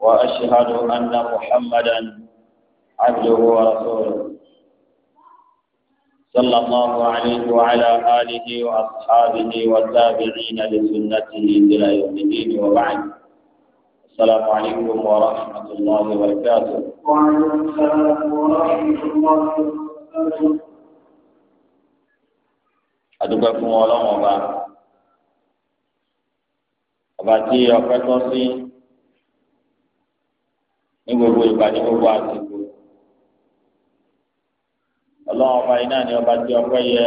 وأشهد أن محمدا عبده ورسوله صلى الله عليه وعلى آله وأصحابه والتابعين لسنته إلى يوم الدين وبعد السلام عليكم ورحمة الله وبركاته وعليكم السلام ورحمة الله وبركاته adúgbò fún ọlọ́run ọba ọba tí ọpẹ́ tọ́ sí ní gbogbo ìgbà ní gbogbo àsìkò ọlọ́run ọba iná ni ọba tí ọpẹ́ yẹ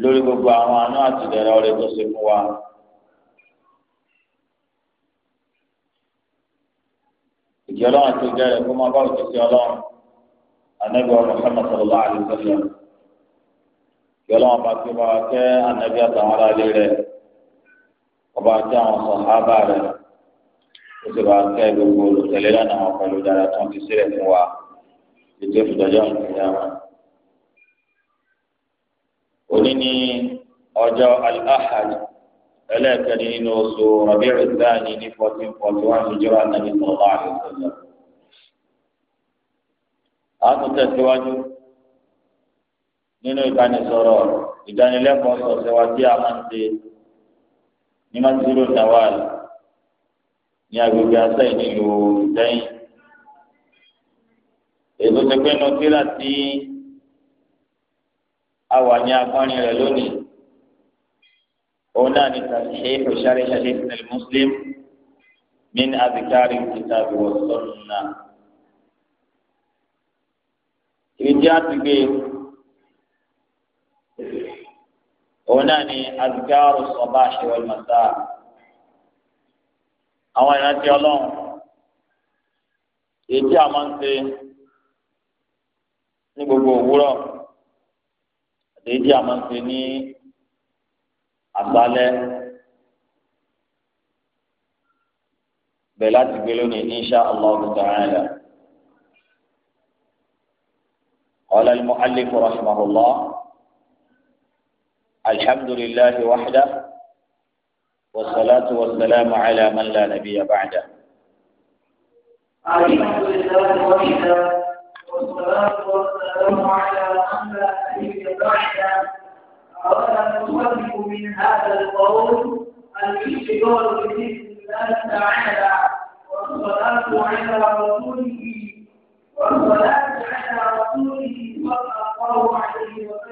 lórí gbogbo àwọn àánú àtìlẹ́rẹ́ ọ̀rẹ́ tó ṣe fún wa. ìjọ ọlọ́run tó jẹ́ rẹ̀ kó máa bá òṣìṣẹ́ ọlọ́run anábì ọ̀rọ̀ Muhammad sallallahu alaihi ìjọ ọlọ́run bá fi bá wa kẹ́ anábì àtàwọn aráalé rẹ̀ ọba tí àwọn sàhábà rẹ̀ ó sì bá kẹ́ gbogbo olùtẹ̀lé lọ́nà àwọn pẹ̀lú dára tó ń fi sílẹ̀ fún wa ètò ìfìdájọ́ ìpínlẹ̀ wọn. òní ni ọjọ́ al-ahad ẹlẹ́ẹ̀kẹ́ni nínú oṣù rabi'u thani ní fourteen forty one hijira nàbí sọ̀rọ̀ àrùn a tún tẹ̀síwájú nínú ìbánisọ̀rọ̀ ìdánilẹ́kọ̀ọ́ sọ̀sẹ̀ wa tí a máa ń ṣe ní masiro nawal ní agbègbè asáyìn nílùú lẹ́yìn èso ti pé nọtìlá tí a wà ní akọrin rẹ lónìí òun náà ní tàṣíṣe òṣàrẹ ṣàṣe ìsinmi muslim min azikari kitabi wa sunna ìdí àti gbé. E, òun náà ni azikaru sabah wal masa àwọn ìrántí ọlọ́run èyí tí a máa ń ṣe ní gbogbo òwúrọ̀ èyí tí a ń ṣe ní àṣálẹ́ bẹ́ẹ̀ láti gbé lónìí insha Allah ta'ala. قال المؤلف رحمه الله الحمد لله وحده والصلاة والسلام على من لا نبي بعده الحمد لله وحده والصلاة والسلام على من لا نبي بعده أراد المصنف من هذا القول الاشتغال بذكر الله تعالى والصلاة على رسوله والصلاة على رسوله صلى الله عليه وسلم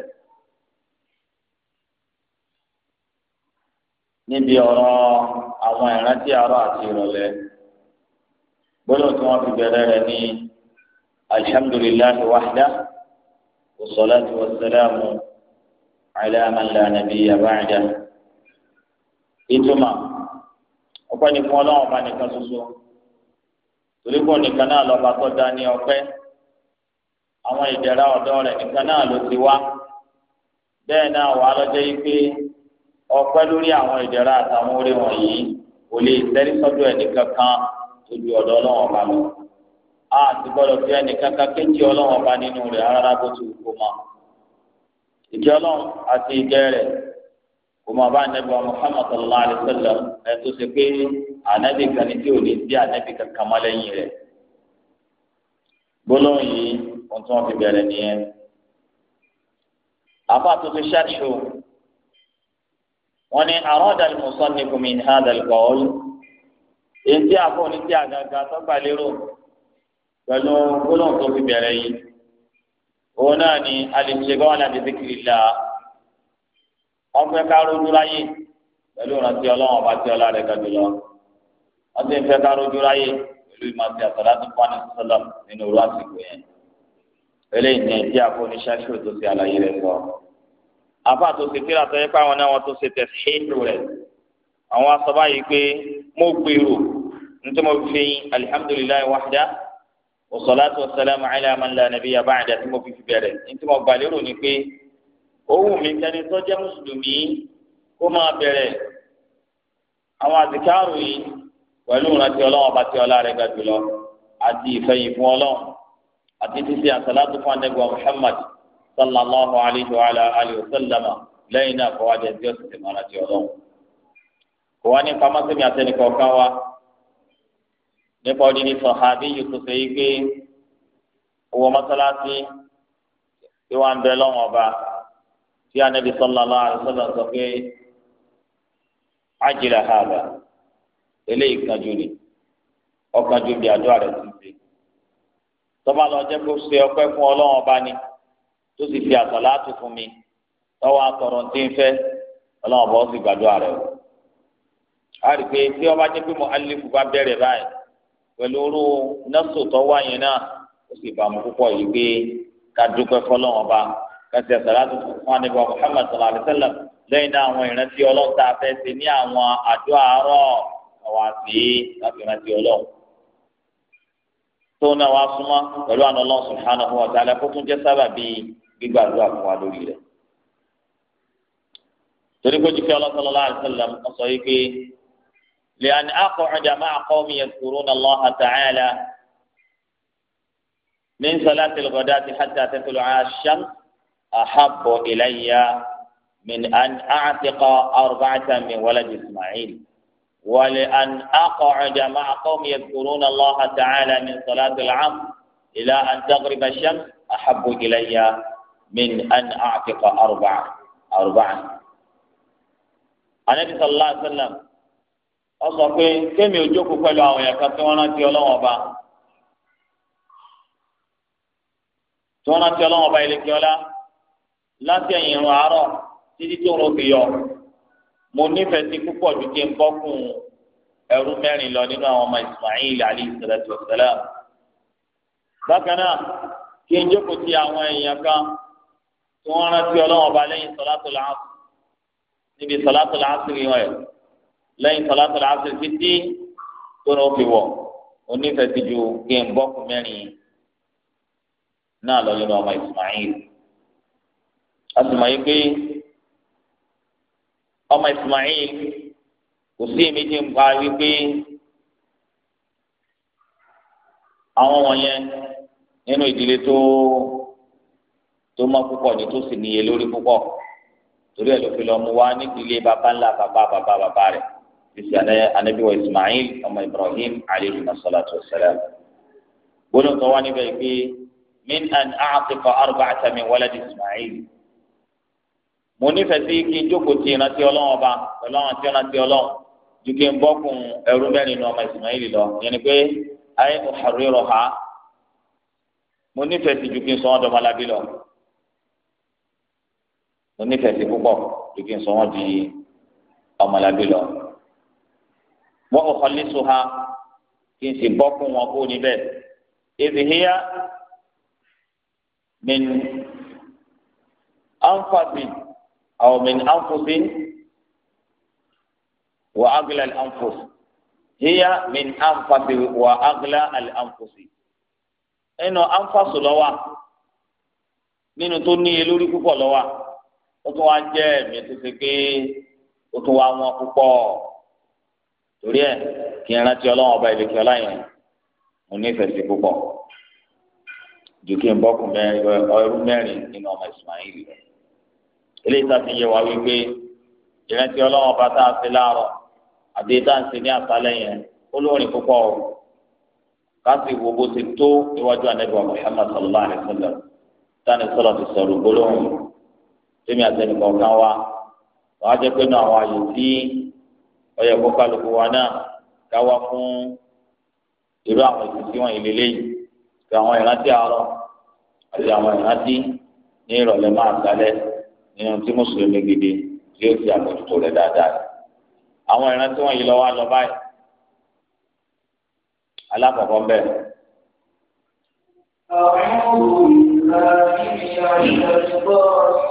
níbi ọ̀rọ̀ àwọn ìrántí àárọ̀ àti ìrọ̀lẹ́ gbọ́dọ̀ tí wọ́n fi bẹ̀rẹ̀ rẹ̀ ní alhamdulillahi wahda wassalatu wassalamu ala man la nabiyya ba'da ìtumọ̀ ọpẹ́ ni fún ọlọ́run ọba nìkan ṣoṣo torí kò nìkan náà lọ́ba tó dá ní ọpẹ́ àwọn ìdẹ̀ra ọ̀dọ́ rẹ̀ nìkan náà ló ti wá bẹ́ẹ̀ náà wàá lọ́jọ́ yìí pé ọpẹ́ lórí àwọn ìdẹ̀ra àtàwọn orí wọ̀nyí kò lè tẹrí sọ́dọ̀ ẹnìkankan tóbi ọ̀dọ̀ Ọlọ́run ọba lọ a ti gbọ́dọ̀ fi ẹnìkankan kéjì Ọlọ́run ọba nínú rẹ̀ rárá bó ti kó mọ ìjẹ Ọlọ́run àti ìjẹ rẹ̀ kò mọ bá nẹbí wa Muhammad sallallahu alayhi wa sallam ẹ tó ṣe pé ànábì kan ní tí ò ní sí ànábì kankan mọ́ lẹ́yìn rẹ̀ gbólóhùn yìí ohun tí wọ́n fi bẹ̀rẹ̀ nìyẹn àbá tó ti ṣàṣù wọn ni àròdà al-musannifu min hadha al-qawl èyí àbọ̀ ní ti àgàgà sọ́gbà lérò pẹ̀lú gbólóhùn tó fi bẹ̀rẹ̀ yìí òun náà ni al-inshighala bi dhikrillah ọ̀fẹ́ ká rojú láyé pẹ̀lú ìrántí ọlọ́run ọba tí ọlá rẹ̀ gàdú lọ wọ́n ti fẹ́ ká láyé pẹ̀lú ìmọ̀tí àtàlá tó pọ́n ní nínú òru àsìkò yẹn eléyìí ni ẹ̀jẹ̀ àfọ̀níṣẹ́ ṣòtò sí àlàyé rẹ̀ sọ̀rọ̀ àfa tó ṣe tíra tó yẹ pé àwọn náà wọn tó ṣe tẹsíhìnrù rẹ àwọn asọba yìí pé mo gbèrò nítorí mo fi alihamudulilayi wahda wasalaatu wasalaamu ala man la nabiyya ba'da tí mo fi fi bẹ̀rẹ̀ nítorí mo gbà lérò ni pé òun mi kẹni tó jẹ́ mùsùlùmí kó máa bẹ̀rẹ̀ àwọn àtikáàrù yìí pẹ̀lú ìrántí ọlọ́run ọba tí ọlá rẹ̀ ga àti ìfẹ̀yìn fún ọlọ́run àti títí àsàlátù fún anẹ́gbọ̀n Muhammad sallallahu alayhi wa ala alihi wa sallama lẹ́yìn náà kọ́ wa jẹ́ bí ó ti tẹ̀mọ́ ara ti ọlọ́run. kò wá ní pamọ́sí mi àtẹnìkọ̀ kan wa nípa odidi sọ̀hábí yìí tó ṣe yí pé owó mọ́sálásí tí wọ́n ń bẹ lọ́wọ́ ọba tí anabi sallallahu alayhi wa sallam sọ pé ajìlá hàbà eléyìí kanjú ni ọkànjú bí àdúrà rẹ̀ ti ṣe. tọ́ba lọ jẹ́ kó ṣe ọpẹ́ fún ọlọ́run ọba ni tó sì fi àtàlà tó fún mi lọ́wọ́ àtọ̀rọ̀ tí ń fẹ́ ọlọ́run bọ́ sì gbàdúrà rẹ̀ o. a rí i pé tí ọba jẹ́ pé mo alifu bá bẹ̀rẹ̀ báyìí pẹ̀lú orú nọ́ọ̀sù tó wá yẹn náà ó sì bá mu púpọ̀ yìí pé ká dúpẹ́ fọlọ́run ọba kẹsì àtàlà tó fún anibọ̀ Muhammad sallallahu alayhi lẹ́yìn náà àwọn ìrántí ọlọ́run fẹ́ ṣe ní àwọn àjọ àárọ̀ àwọn àti láti ìrántí ọlọ́run tó náà wá súnmọ́ pẹ̀lú àná ọlọ́run subhanahu wa ta'ala kó tún jẹ́ sábà gbígbàdúrà fún wa lórí rẹ̀ torí pé jíkẹ́ sallallahu alaihi wasallam ọ̀sọ̀ yìí pé لأن أقعد مع قوم يذكرون الله تعالى من صلاة الغداة حتى تطلع الشمس أحب إلي من أن أعتق أربعة من ولد إسماعيل ولأن أقعد مع قوم يذكرون الله تعالى من صلاة العصر إلى أن تغرب الشمس أحب إلي من أن أعتق أربعة أربعة النبي صلى الله عليه وسلم ọsọ pé kémi òjókòó pẹ̀lú àwọn èèyàn kan tí wọ́n rántí ọlọ́wọ́n ọba tí wọ́n rántí ọlọ́wọ́n ọba ìlẹ̀kẹ́ ọlá títí mo nífẹ̀ẹ́ sí púpọ̀ ju kí lọ nínú àwọn ọmọ Ismail alayhi salatu wa bákan náà kí n jókòó tí wọ́n rántí ọlọ́run ọba lẹ́yìn salatul asr níbi salatul asr rí wọn yẹ lẹ́yìn salatul asr títí tó ní ó fi wọ̀ onífẹ̀ẹ́ ti ju kí n bọ́ fún mẹ́rin náà lọ ọmọ Ismail a sì mọ̀ yí pé ọmọ Ismail kò sí èmi ń pa wípé àwọn wọ̀nyẹn nínú ìdílé tó tó mọ púpọ̀ ni tó sì níye lórí púpọ̀ torí ẹ̀ ló fi lọ mú wá nídìílé bàbá ńlá bàbá bàbá bàbá rẹ̀ bísí anabi wa ismail ọmọ ibrahim aleyhi masalatu wasalam gbọ́dọ̀ tó wá níbẹ̀ pé min an aatifa arba'ata min walad ismail mo nífẹ̀ẹ́ sí kí n jókòó ti ìrántí ọlọ́run ọba pẹ̀lú àwọn tí ìrántí ọlọ́run ju kí n bọ́kùn ẹrú mẹ́rin ní ọmọ ismail lọ yẹn ni pé ayé mo xarúrò ha mo nífẹ̀ẹ́ sí ju kí n sọ ọ́n onífẹsẹ púpọ̀ ju kí n sọ wọn di ọmọlábí lọ wọn kò kọlí so ha kí n sì bọ́ fún wọn kó níbẹ̀ ezihiya min anfasi aw min anfusi wa agla al anfus hiya min anfasi wa agla al anfusi ẹnu anfasu ló wà nínú tó níye lórí púpọ̀ ló wà ó tún wá jẹ́ ẹ̀mí tó ṣe pé ó tún wá wọn púpọ̀ torí ẹ̀ kí n rántí ọlọ́run ọba ìlẹ̀kẹ́ ọlá yẹn mo nífẹ̀ẹ́ sí púpọ̀ ju kí n bọ́kùn mẹ́rin ọrú mẹ́rin nínú ọmọ Ismail rẹ̀ eléyìí sáfi yẹ wá wípé ìrántí ọlọ́run ọba tá a ṣe láàárọ̀ àti tá ní àṣálẹ́ yẹn ó lóorin púpọ̀ o kasi wo bó ti tó iwájú anabi wa muhammad sallallahu alaihi wa sallam tani sọ̀rọ̀ tèmi àtẹnìkọ̀ kan wa wàá jẹ́ pé náà àwọn àyè tí ọyẹ kó kálukú wa náà ká wá fún irú àwọn ìsìnkú wọn ìlélẹ́ yìí pé àwọn ìrántí àárọ̀ àti àwọn ìrántí ní ìrọ̀lẹ́ máa gbálẹ́ nínú tí mùsùlùmí gidi tí ó fi àmójútó rẹ̀ dáadáa àwọn ìrántí wọn yìí lọ́wọ́ lọ báyìí alákọ̀ọ́kọ́ ń bẹ̀. أعوذ بالله من الشيطان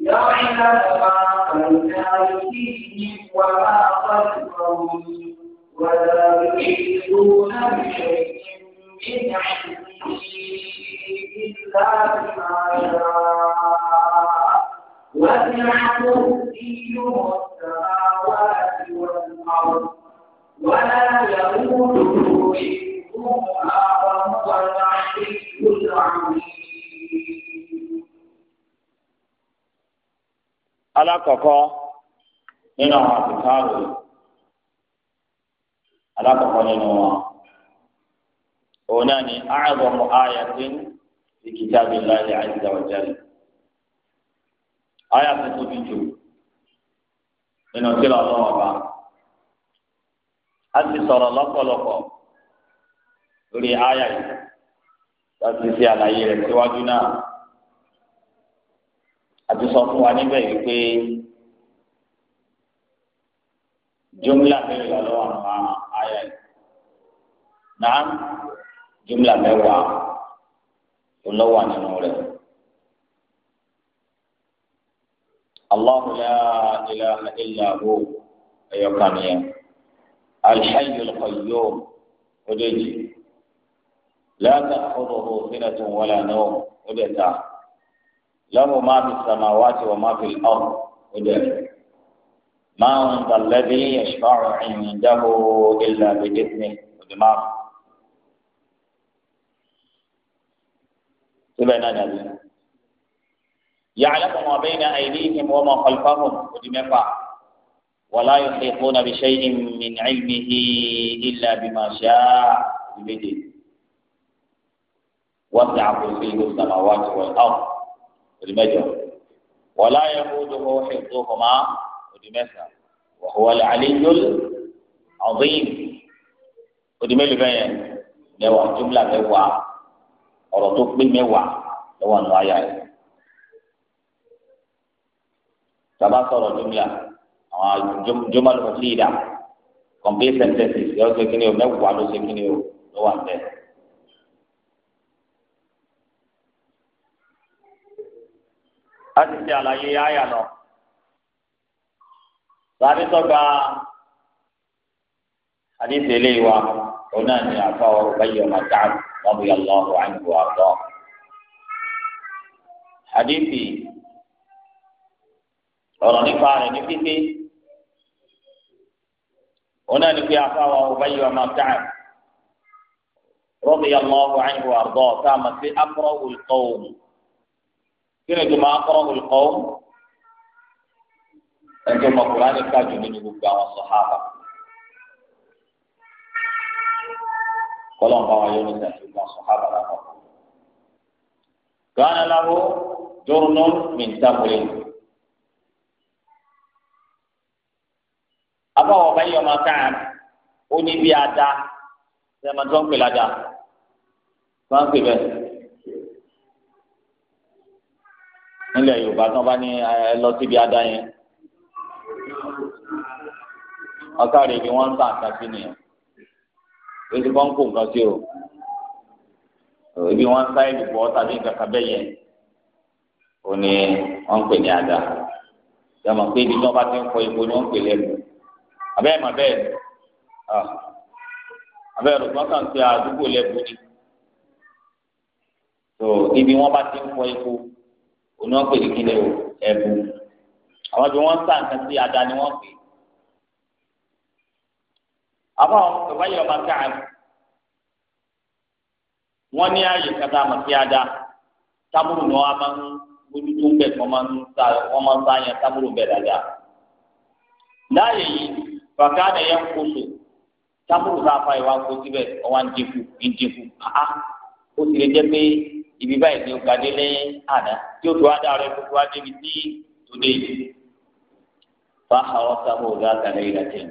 يعلم ما بين أيديهم وما خلفهم ولا يحيطون بشيء من علمه إلا بما شاء وسع كرسيه السماوات والأرض ولا يئوده حفظهما وهو العلي العظيم alákọ̀ọ́kọ́ nínú àwọn àtìkáàrò alákọ̀ọ́kọ́ nínú wọn òun náà ni a ayatin fi kitabillahi azza wa tó tóbi jù nínú kílọ̀ ọlọ́wọ́ bá a ti sọrọ lọ́pọ̀lọpọ̀ lórí àyà láti àlàyé síwájú náà. àti sọ fún wa níbẹ̀ yìí pé jumla mẹ́wàá lọ́wọ́ àwọn àyà yìí náà jumla mẹ́wàá lọ́wọ́ nínú rẹ̀. الله لا إله إلا هو أيقانيا الحي القيوم ودجي لا تأخذه سنة ولا نوم ودتا له ما في السماوات وما في الأرض وجل ما أنت الذي يشفع عنده إلا بإذنه ودماغه سبحان الله يعلم ما بين أيديهم وما خلفهم ودماغه ولا يحيطون بشيء من علمه إلا بما شاء بيده وسع كرسيه السماوات والأرض odi mẹ́jọ wala yahuduhu hifzuhuma odi mẹ́sàn wa huwa al-aliyyul azim odi mélòó bẹyẹ mẹ́wàá jumla mẹ́wàá ọ̀rọ̀ tó pé mẹ́wàá lọ́wọ́ nù ayà yìí tàbá sọ̀rọ̀ jumla àwọn jumalu mufida complete sentences yọ ṣe kí ni o mẹ́wàá ló ṣe o lọ́wọ́ àbẹ. a ti ṣe àlàyé àyà lọ. Sàbí tọ́gba àdìsí eléyìí wa òun náà ni àfọwọ́ báyìí ọmọ dáàbò lọ́bù yà lọ́rùn àyìnbó àbọ̀. Àdìsí ọ̀rọ̀ nípa rẹ̀ ní pípé òun náà ni pé àfọwọ́ báyìí ọmọ dáàbò. رضي الله عنه وارضاه كما في اقرا القوم kíni tó máa ń kọ́ olùkọ́ ẹjọ́ ọmọkùnrin á ní kájú nínú gbogbo àwọn sọ̀hábà kọ́lọ́n bá wọn yọ ní sàtì gbogbo àwọn sọ̀hábà làwọn. gánà láwo dóró mìntàbọ̀lì. abáwọ̀ bá yọ ọmọ káàd ó ní bí ada ṣe máa tó ń pè ládàá tó ń pè bẹ́ẹ̀. nílẹ̀ yorùbá tí wọ́n bá ní ẹ lọ síbi adá yẹn ọ̀kàrẹ̀ ni wọ́n ń tà nǹkan sí nìyẹn èsì kan ń kó nǹkan sí o ibi wọ́n ń sá ìdìbò tàbí nǹkan kan bẹ́ẹ̀ yẹn ó ní wọ́n ń pè ní adá yàmọ̀ pé ibi tí wọ́n bá ti ń fọ epo ni wọ́n ń pè lẹ́nu abẹ́ẹ̀ mà bẹ́ẹ̀ ah. abẹ́ẹ̀ rògbọ́n kàn sí àdúgbò lẹ́bu ni so ibi wọ́n bá ti ń fọ epo oní wọn pè ní kíni o ẹbù àwọn bí wọn sá nǹkan sí ada ni wọn pè àbá àwọn ìwáyé ọmọ káàdì wọn ní ààyè kata àmọ́ sí ada tábùrù ni wọn máa ń bójú tó ń bẹ wọn máa ń sá wọn máa ń sá yẹn tábùrù bẹ dáadáa láàyè yìí bàkàdé yẹn kóso tábùrù tá a fa ìwà kó síbẹ̀ ọwọ́ ń dínkù ń dínkù ó sì lè jẹ́ pé ibi báyìí ni ó ka délé àná tí ó tó wá dáa rẹ gbogbo wá débi tí tó dé yìí fa àwọn sábà ọ̀gá àtàlẹ́ yìí láti ẹ̀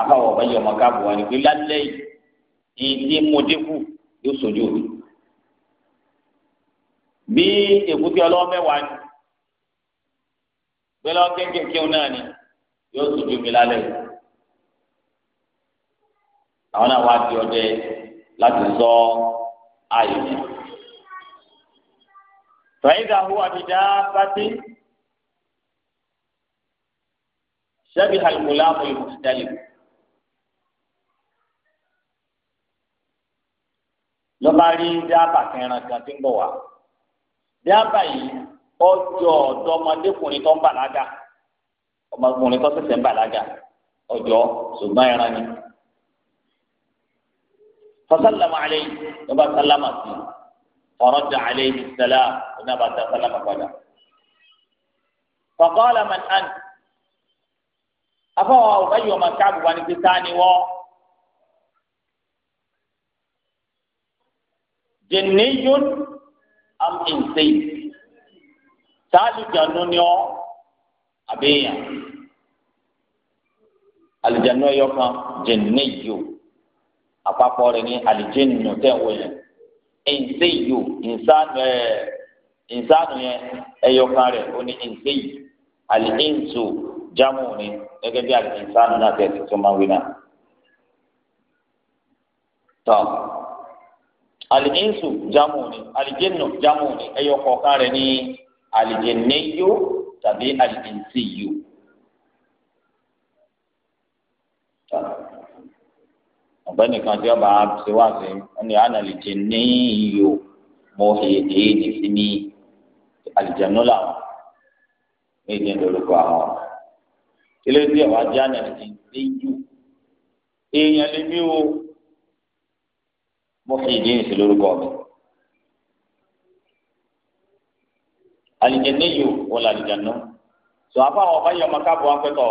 àfàwọ̀ ọ̀bẹ yọmọ káàbọ̀ wá ní pé lálẹ́ yìí tí mo dínkù yóò sojú mi bí èkúté ọlọ́wọ́ mẹ́wàá ni gbẹlẹ́ ọ kéńkéńkéń náà ni yóò sojú mi lálẹ́ yìí àwọn náà wá di ọdẹ láti sọ ààyè yẹn. فإذا هو بدابة شبه الغلام المختلف ló bá rí dábà kẹrin kan tí ń bọ̀ wá dábà yìí ọjọ́ ọ̀dọ́ ọmọdékùnrin tó ń bàlágà ọmọkùnrin tó ṣẹ̀ṣẹ̀ ń bàlágà ọjọ́ ṣùgbọ́n ẹran ni. fasalamu aleyhi ló bá sálámà sí i. فرد عليه السلام ونبى سلم قال فقال من أنت أفوى أبي من كعب بن كتاني و جني أم إنسي سالي جنون جنونيو أبيا يو كان جني أفا فورني الجنة تأويل ìnséyò ìnsánù ẹ ìnsánù yẹn ẹyọkan rẹ ó ní ìnséyò àlìhínsù jámù ni gẹ́gẹ́ bí àlìhínsánù náà tẹ ti tún máa wí náà. tọ àlìhínsù jámù ni àlìjẹnù jámù ni ẹyọkọ̀ọ̀kan rẹ ní àlìjẹnẹyò tàbí àlìhínsìyò. ọ̀gbẹ́ni kan tí ọba ṣe wá sí wọn ni ànàlìjẹ ní iyò mo hèdè ní sí ní àlìjẹnú làwọn méje lórúkọ àwọn kílé tí ọba jẹ ànàlìjẹ ní iyò èèyàn lè mí o mo hèdè ní sí lórúkọ mi àlìjẹnú iyò wọn sọ apá àwọn ọba yẹ ọmọ káàbọ̀ wọn pẹ̀tọ̀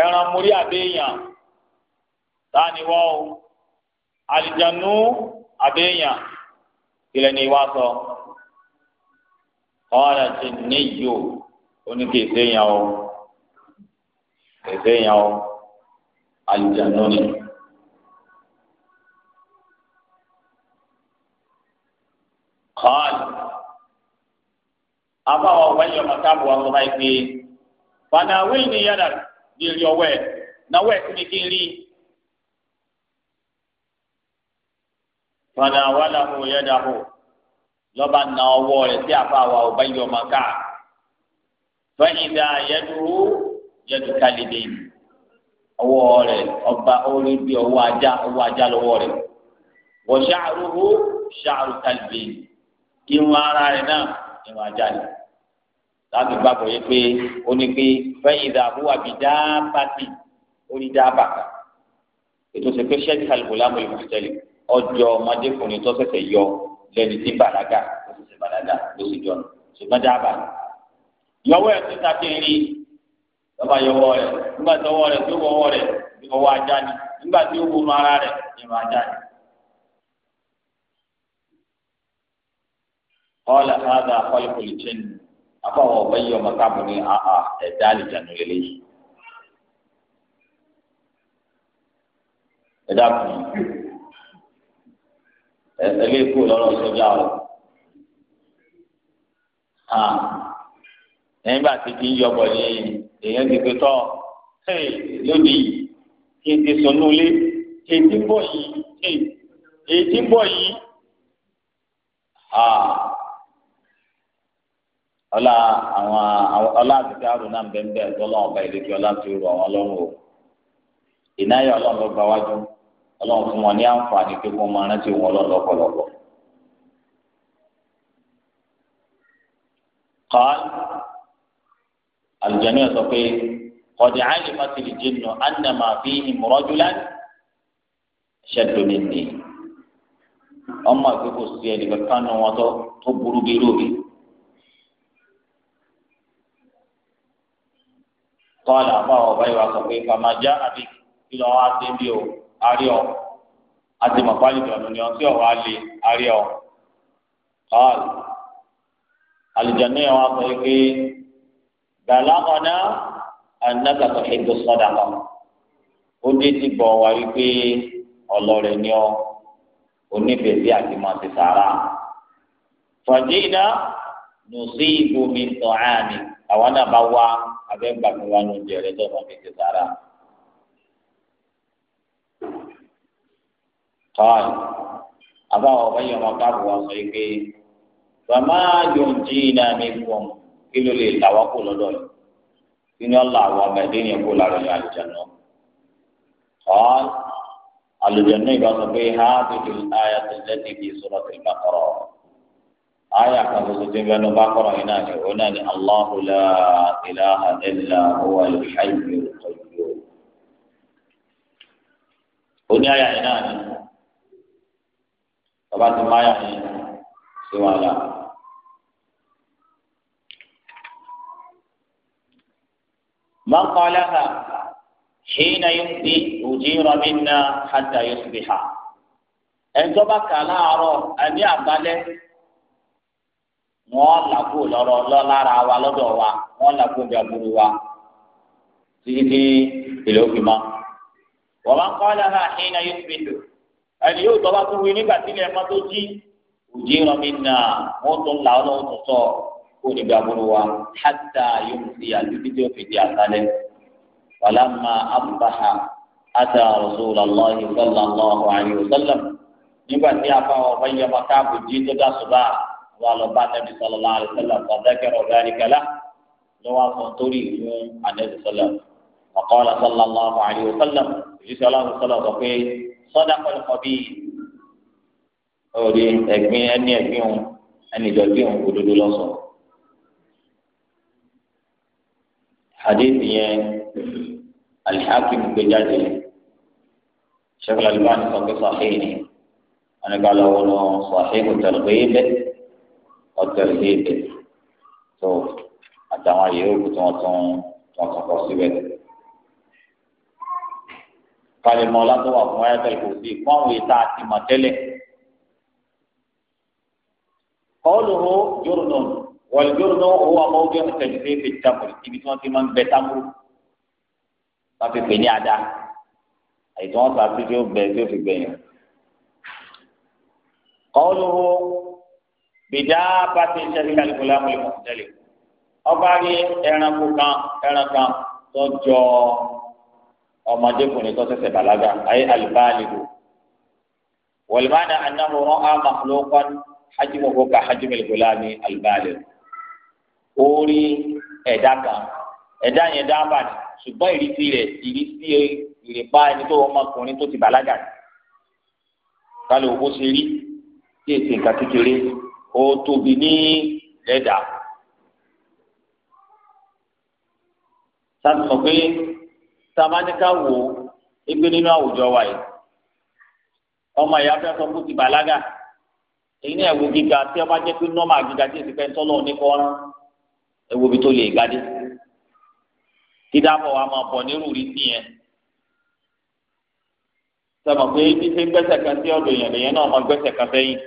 ẹran mórí àbẹ́yàn táà ni wọ́n o àlìjánu àbẹ́yàn ilẹ̀ ní ìwà sọ ọ̀rọ̀ ti níyò oníkèsè yàn o kèsè yàn o àlìjánu ni. kọ́ọ̀lì afáwọn ọ̀gbẹ́ni ọmọ táàbù wa sọ báyìí pé fanáwí ni yàrá bí rí ọwọ́ ẹ̀ náwó ẹ̀ kí ni kí n rí i. fana wàlà hó yẹda hó lọ́ba na ọwọ́ rẹ̀ sí àfàwà ọba yìí ọmọ ká fẹ́yìndà yẹdu yẹdu kálídé ọwọ́ rẹ̀ ọba orí bí ọwọ́ ajá ọwọ́ ajá lọ́wọ́ rẹ̀ wọ́n ṣáàrú hó ṣáàrú kálídé irun ara rẹ̀ náà irun ajá ni láti gbàgbọ́ yẹ pé ó ní pé fẹ́yìndà àbúwà bíi dáàbà tì ó ní dáàbà kan ètò ìsèpéṣẹ́ ti kálíkò lámúlẹ̀ mọ̀tẹ́lẹ̀ ọjọ́ ọmọdékùnrin tó ṣẹ̀ṣẹ̀ yọ lẹ́ni tí bàlágà tó ṣẹ̀ṣẹ̀ bàlágà ló sì jọ ṣùgbọ́n dábàá yọwọ́ ẹ̀ títa ti rí lọ́ba yọwọ́ rẹ̀ nígbà tí ọwọ́ rẹ̀ tí ó wọ́wọ́ rẹ̀ ní ọwọ́ ajá ni nígbà tí ó wọnú ara rẹ̀ nínú ajá ni. kọ́lá fáadà kọ́líkọ́lì chẹ́ni afọwọ́ ọ̀bẹ yìí ọmọ káàbọ̀ ní àhà ẹ̀dá àlìjánu lélẹ́yìí. ẹ̀dá kùn ẹlẹ́ kú lọ́rọ̀ sọ́jà o. ẹ̀yìn bá ti fi ń yọ̀bọ̀ ní èèyàn ti pé tọ́ lónìí kí n ti sọnú ilé èdè bọ̀ yìí èdè bọ̀ yìí. ọlá àwọn ọlá àtìkí àrùn náà bẹ́ẹ̀ bẹ́ẹ̀ tọ́lọ́ ọba ìlẹ́kẹ́ ọlá ti rọ àwọn ọlọ́run o ìnáyà ọlọ́run ló gba wájú ọlọ́run fún wọn ní àǹfààní pé wọ́n máa rántí wọn lọ́lọ́pọ̀lọpọ̀. قال الجميع تقول قد علمت الجن أن ما فيهم رجلا شد مني أما في قصير فكانوا وتبروا بلوبي قال أبا أبي وصفي فما جاء بك إلى عاتبي àrí ati àti mọ̀pálìdì ọ̀nà ni ọtí ọ̀wá lè àrí ọ. ọ̀l àlùjáde yẹn wá sọ pé gbàlá ọ̀nà ànágàtọ̀ ètò sọ́dà kan o dé ti bọ̀ wá wípé ọlọ́rẹ̀ ni ọ onífẹ̀ẹ́ sí àti máa ti sàrà. fọ̀dínà nùsí ibùmí tọ̀ áàmì àwọn náà bá wá abẹ́gbàgbọ́ wa ní oúnjẹ rẹ̀ tó máa fi ti sàrà. قال أبا أبي مكاب وصيكي فما ينجينا منكم إلا للتوكل دول إن الله ومدين يقول على الجنة قال الجنة قال هذه الآية التي في سورة البقرة آية كنت تبين بقرة هنا هنا الله لا إله إلا هو الحي القيوم هنا آية هنا bàbá ti máyà yẹn ṣe wàhálà. من قالها حين يمسي أجير منا حتى يصبح ẹni tó bá kà láàárọ̀ ẹni àbálẹ́ wọ́n làkó lọ́rọ̀ lọ́lára wa lọ́dọ̀ wa wọ́n làkó bí aburú wa títí ìlú òfin mọ́. wọ́n máa ń kọ́ lára àhínà yóò fi lò ẹni yóò tọ́ bá tún wí nígbà tí ilẹ̀ ẹ̀ma tó jí òjì ìrànmí nà wọ́n tún là ọ́ lọ́wọ́ tún sọ kó níbi àbúrò wa hàtà yóò fi àdúgbò tí ó fi di àtàlẹ́ wàlámà àbúbáhà àtà rasulullahi sallallahu alaihi wasallam nígbà tí a bá wọn bá yẹ ọmọ káàbù jí tó dá sùbà wà lọ bá nàbì sallallahu alaihi wasallam fàdákẹ́rọ̀ gáàrí lọ́wọ́ àwọn torí fún àdẹ́bí sọlọ ọ̀kọ́ sọ́dà kọ́lùkọ́ bíi ọ̀rẹ́ ẹ̀gbin ẹni ẹ̀gbin òun ẹni ìdọ̀tí òun òdodo lọ́sọ̀. hadith yẹn alḥakim gbé jáde sheikh alalbani sọ pé sàhéèni anigba lọ́wọ́ lọ sàhéèkù tẹlifíìbẹ ọtẹlifíìbẹ tó àtàwọn yòókù tí wọ́n tún wọ́n tún kọ síbẹ̀ ìpalẹ̀mọ́ látọ̀ wà fún ayatollah kò sí fún àwọn ètò àti mọ̀tẹ́lẹ̀. kọ́ọ̀lùhó jórùnà wọ̀lì jórùnà owó amóhùnjẹ́ ìtẹ̀jùsẹ́ fi dàpọ̀ ibi tí wọ́n ti máa ń bẹ tábúrú. wọ́n fi pè ní ada àyètò wọn sàbí tí ó bẹ tí ó fi gbẹ̀yìn. kọ́ọ̀lùhó bìdá bá ti ń ṣẹ́fí kálíkùlá ọba rí ẹranko kan ẹran kan tó jọ ọmọdékùnrin tó ṣẹ̀ṣẹ̀ bàlágà ayé alibáàlìbò wọlùmánà anáhùrọ àmàlùkọ hajjumọkọ ká hajjumẹlẹgbọlámi alibáàlìbò orí ẹ̀dá kan ẹ̀dá yẹn dábàá ni ṣùgbọ́n ìrísí rẹ̀ ìrísí ìrìnpa ẹni tó ọmọkùnrin tó ti bàlágà ni kálọ̀ owó ṣe rí tí èsì nǹkan kékeré ó tóbi ní ẹ̀dá sátìmọ̀ pé sàmáníkà wò ó egbé nínú àwùjọ wa yìí ọmọ ìyá fẹ́ sọ fún ti bàlágà èyí ní ẹ̀wù gíga tí ọba jẹ́ pé nọ́ọ̀mà gíga tí èsì fẹ́ẹ́ tọ́lọ́ ní kọ́ọ́rán ẹ̀wù bí tó lè gbadé dídábọ̀ wa máa bọ̀ nírú rí sí yẹn sọmọ pé bí ṣe ń gbẹ́sẹ̀ kan sí ọ̀dọ̀ èèyàn lèyẹn náà mọ gbẹ́sẹ̀ kan fẹ́yìn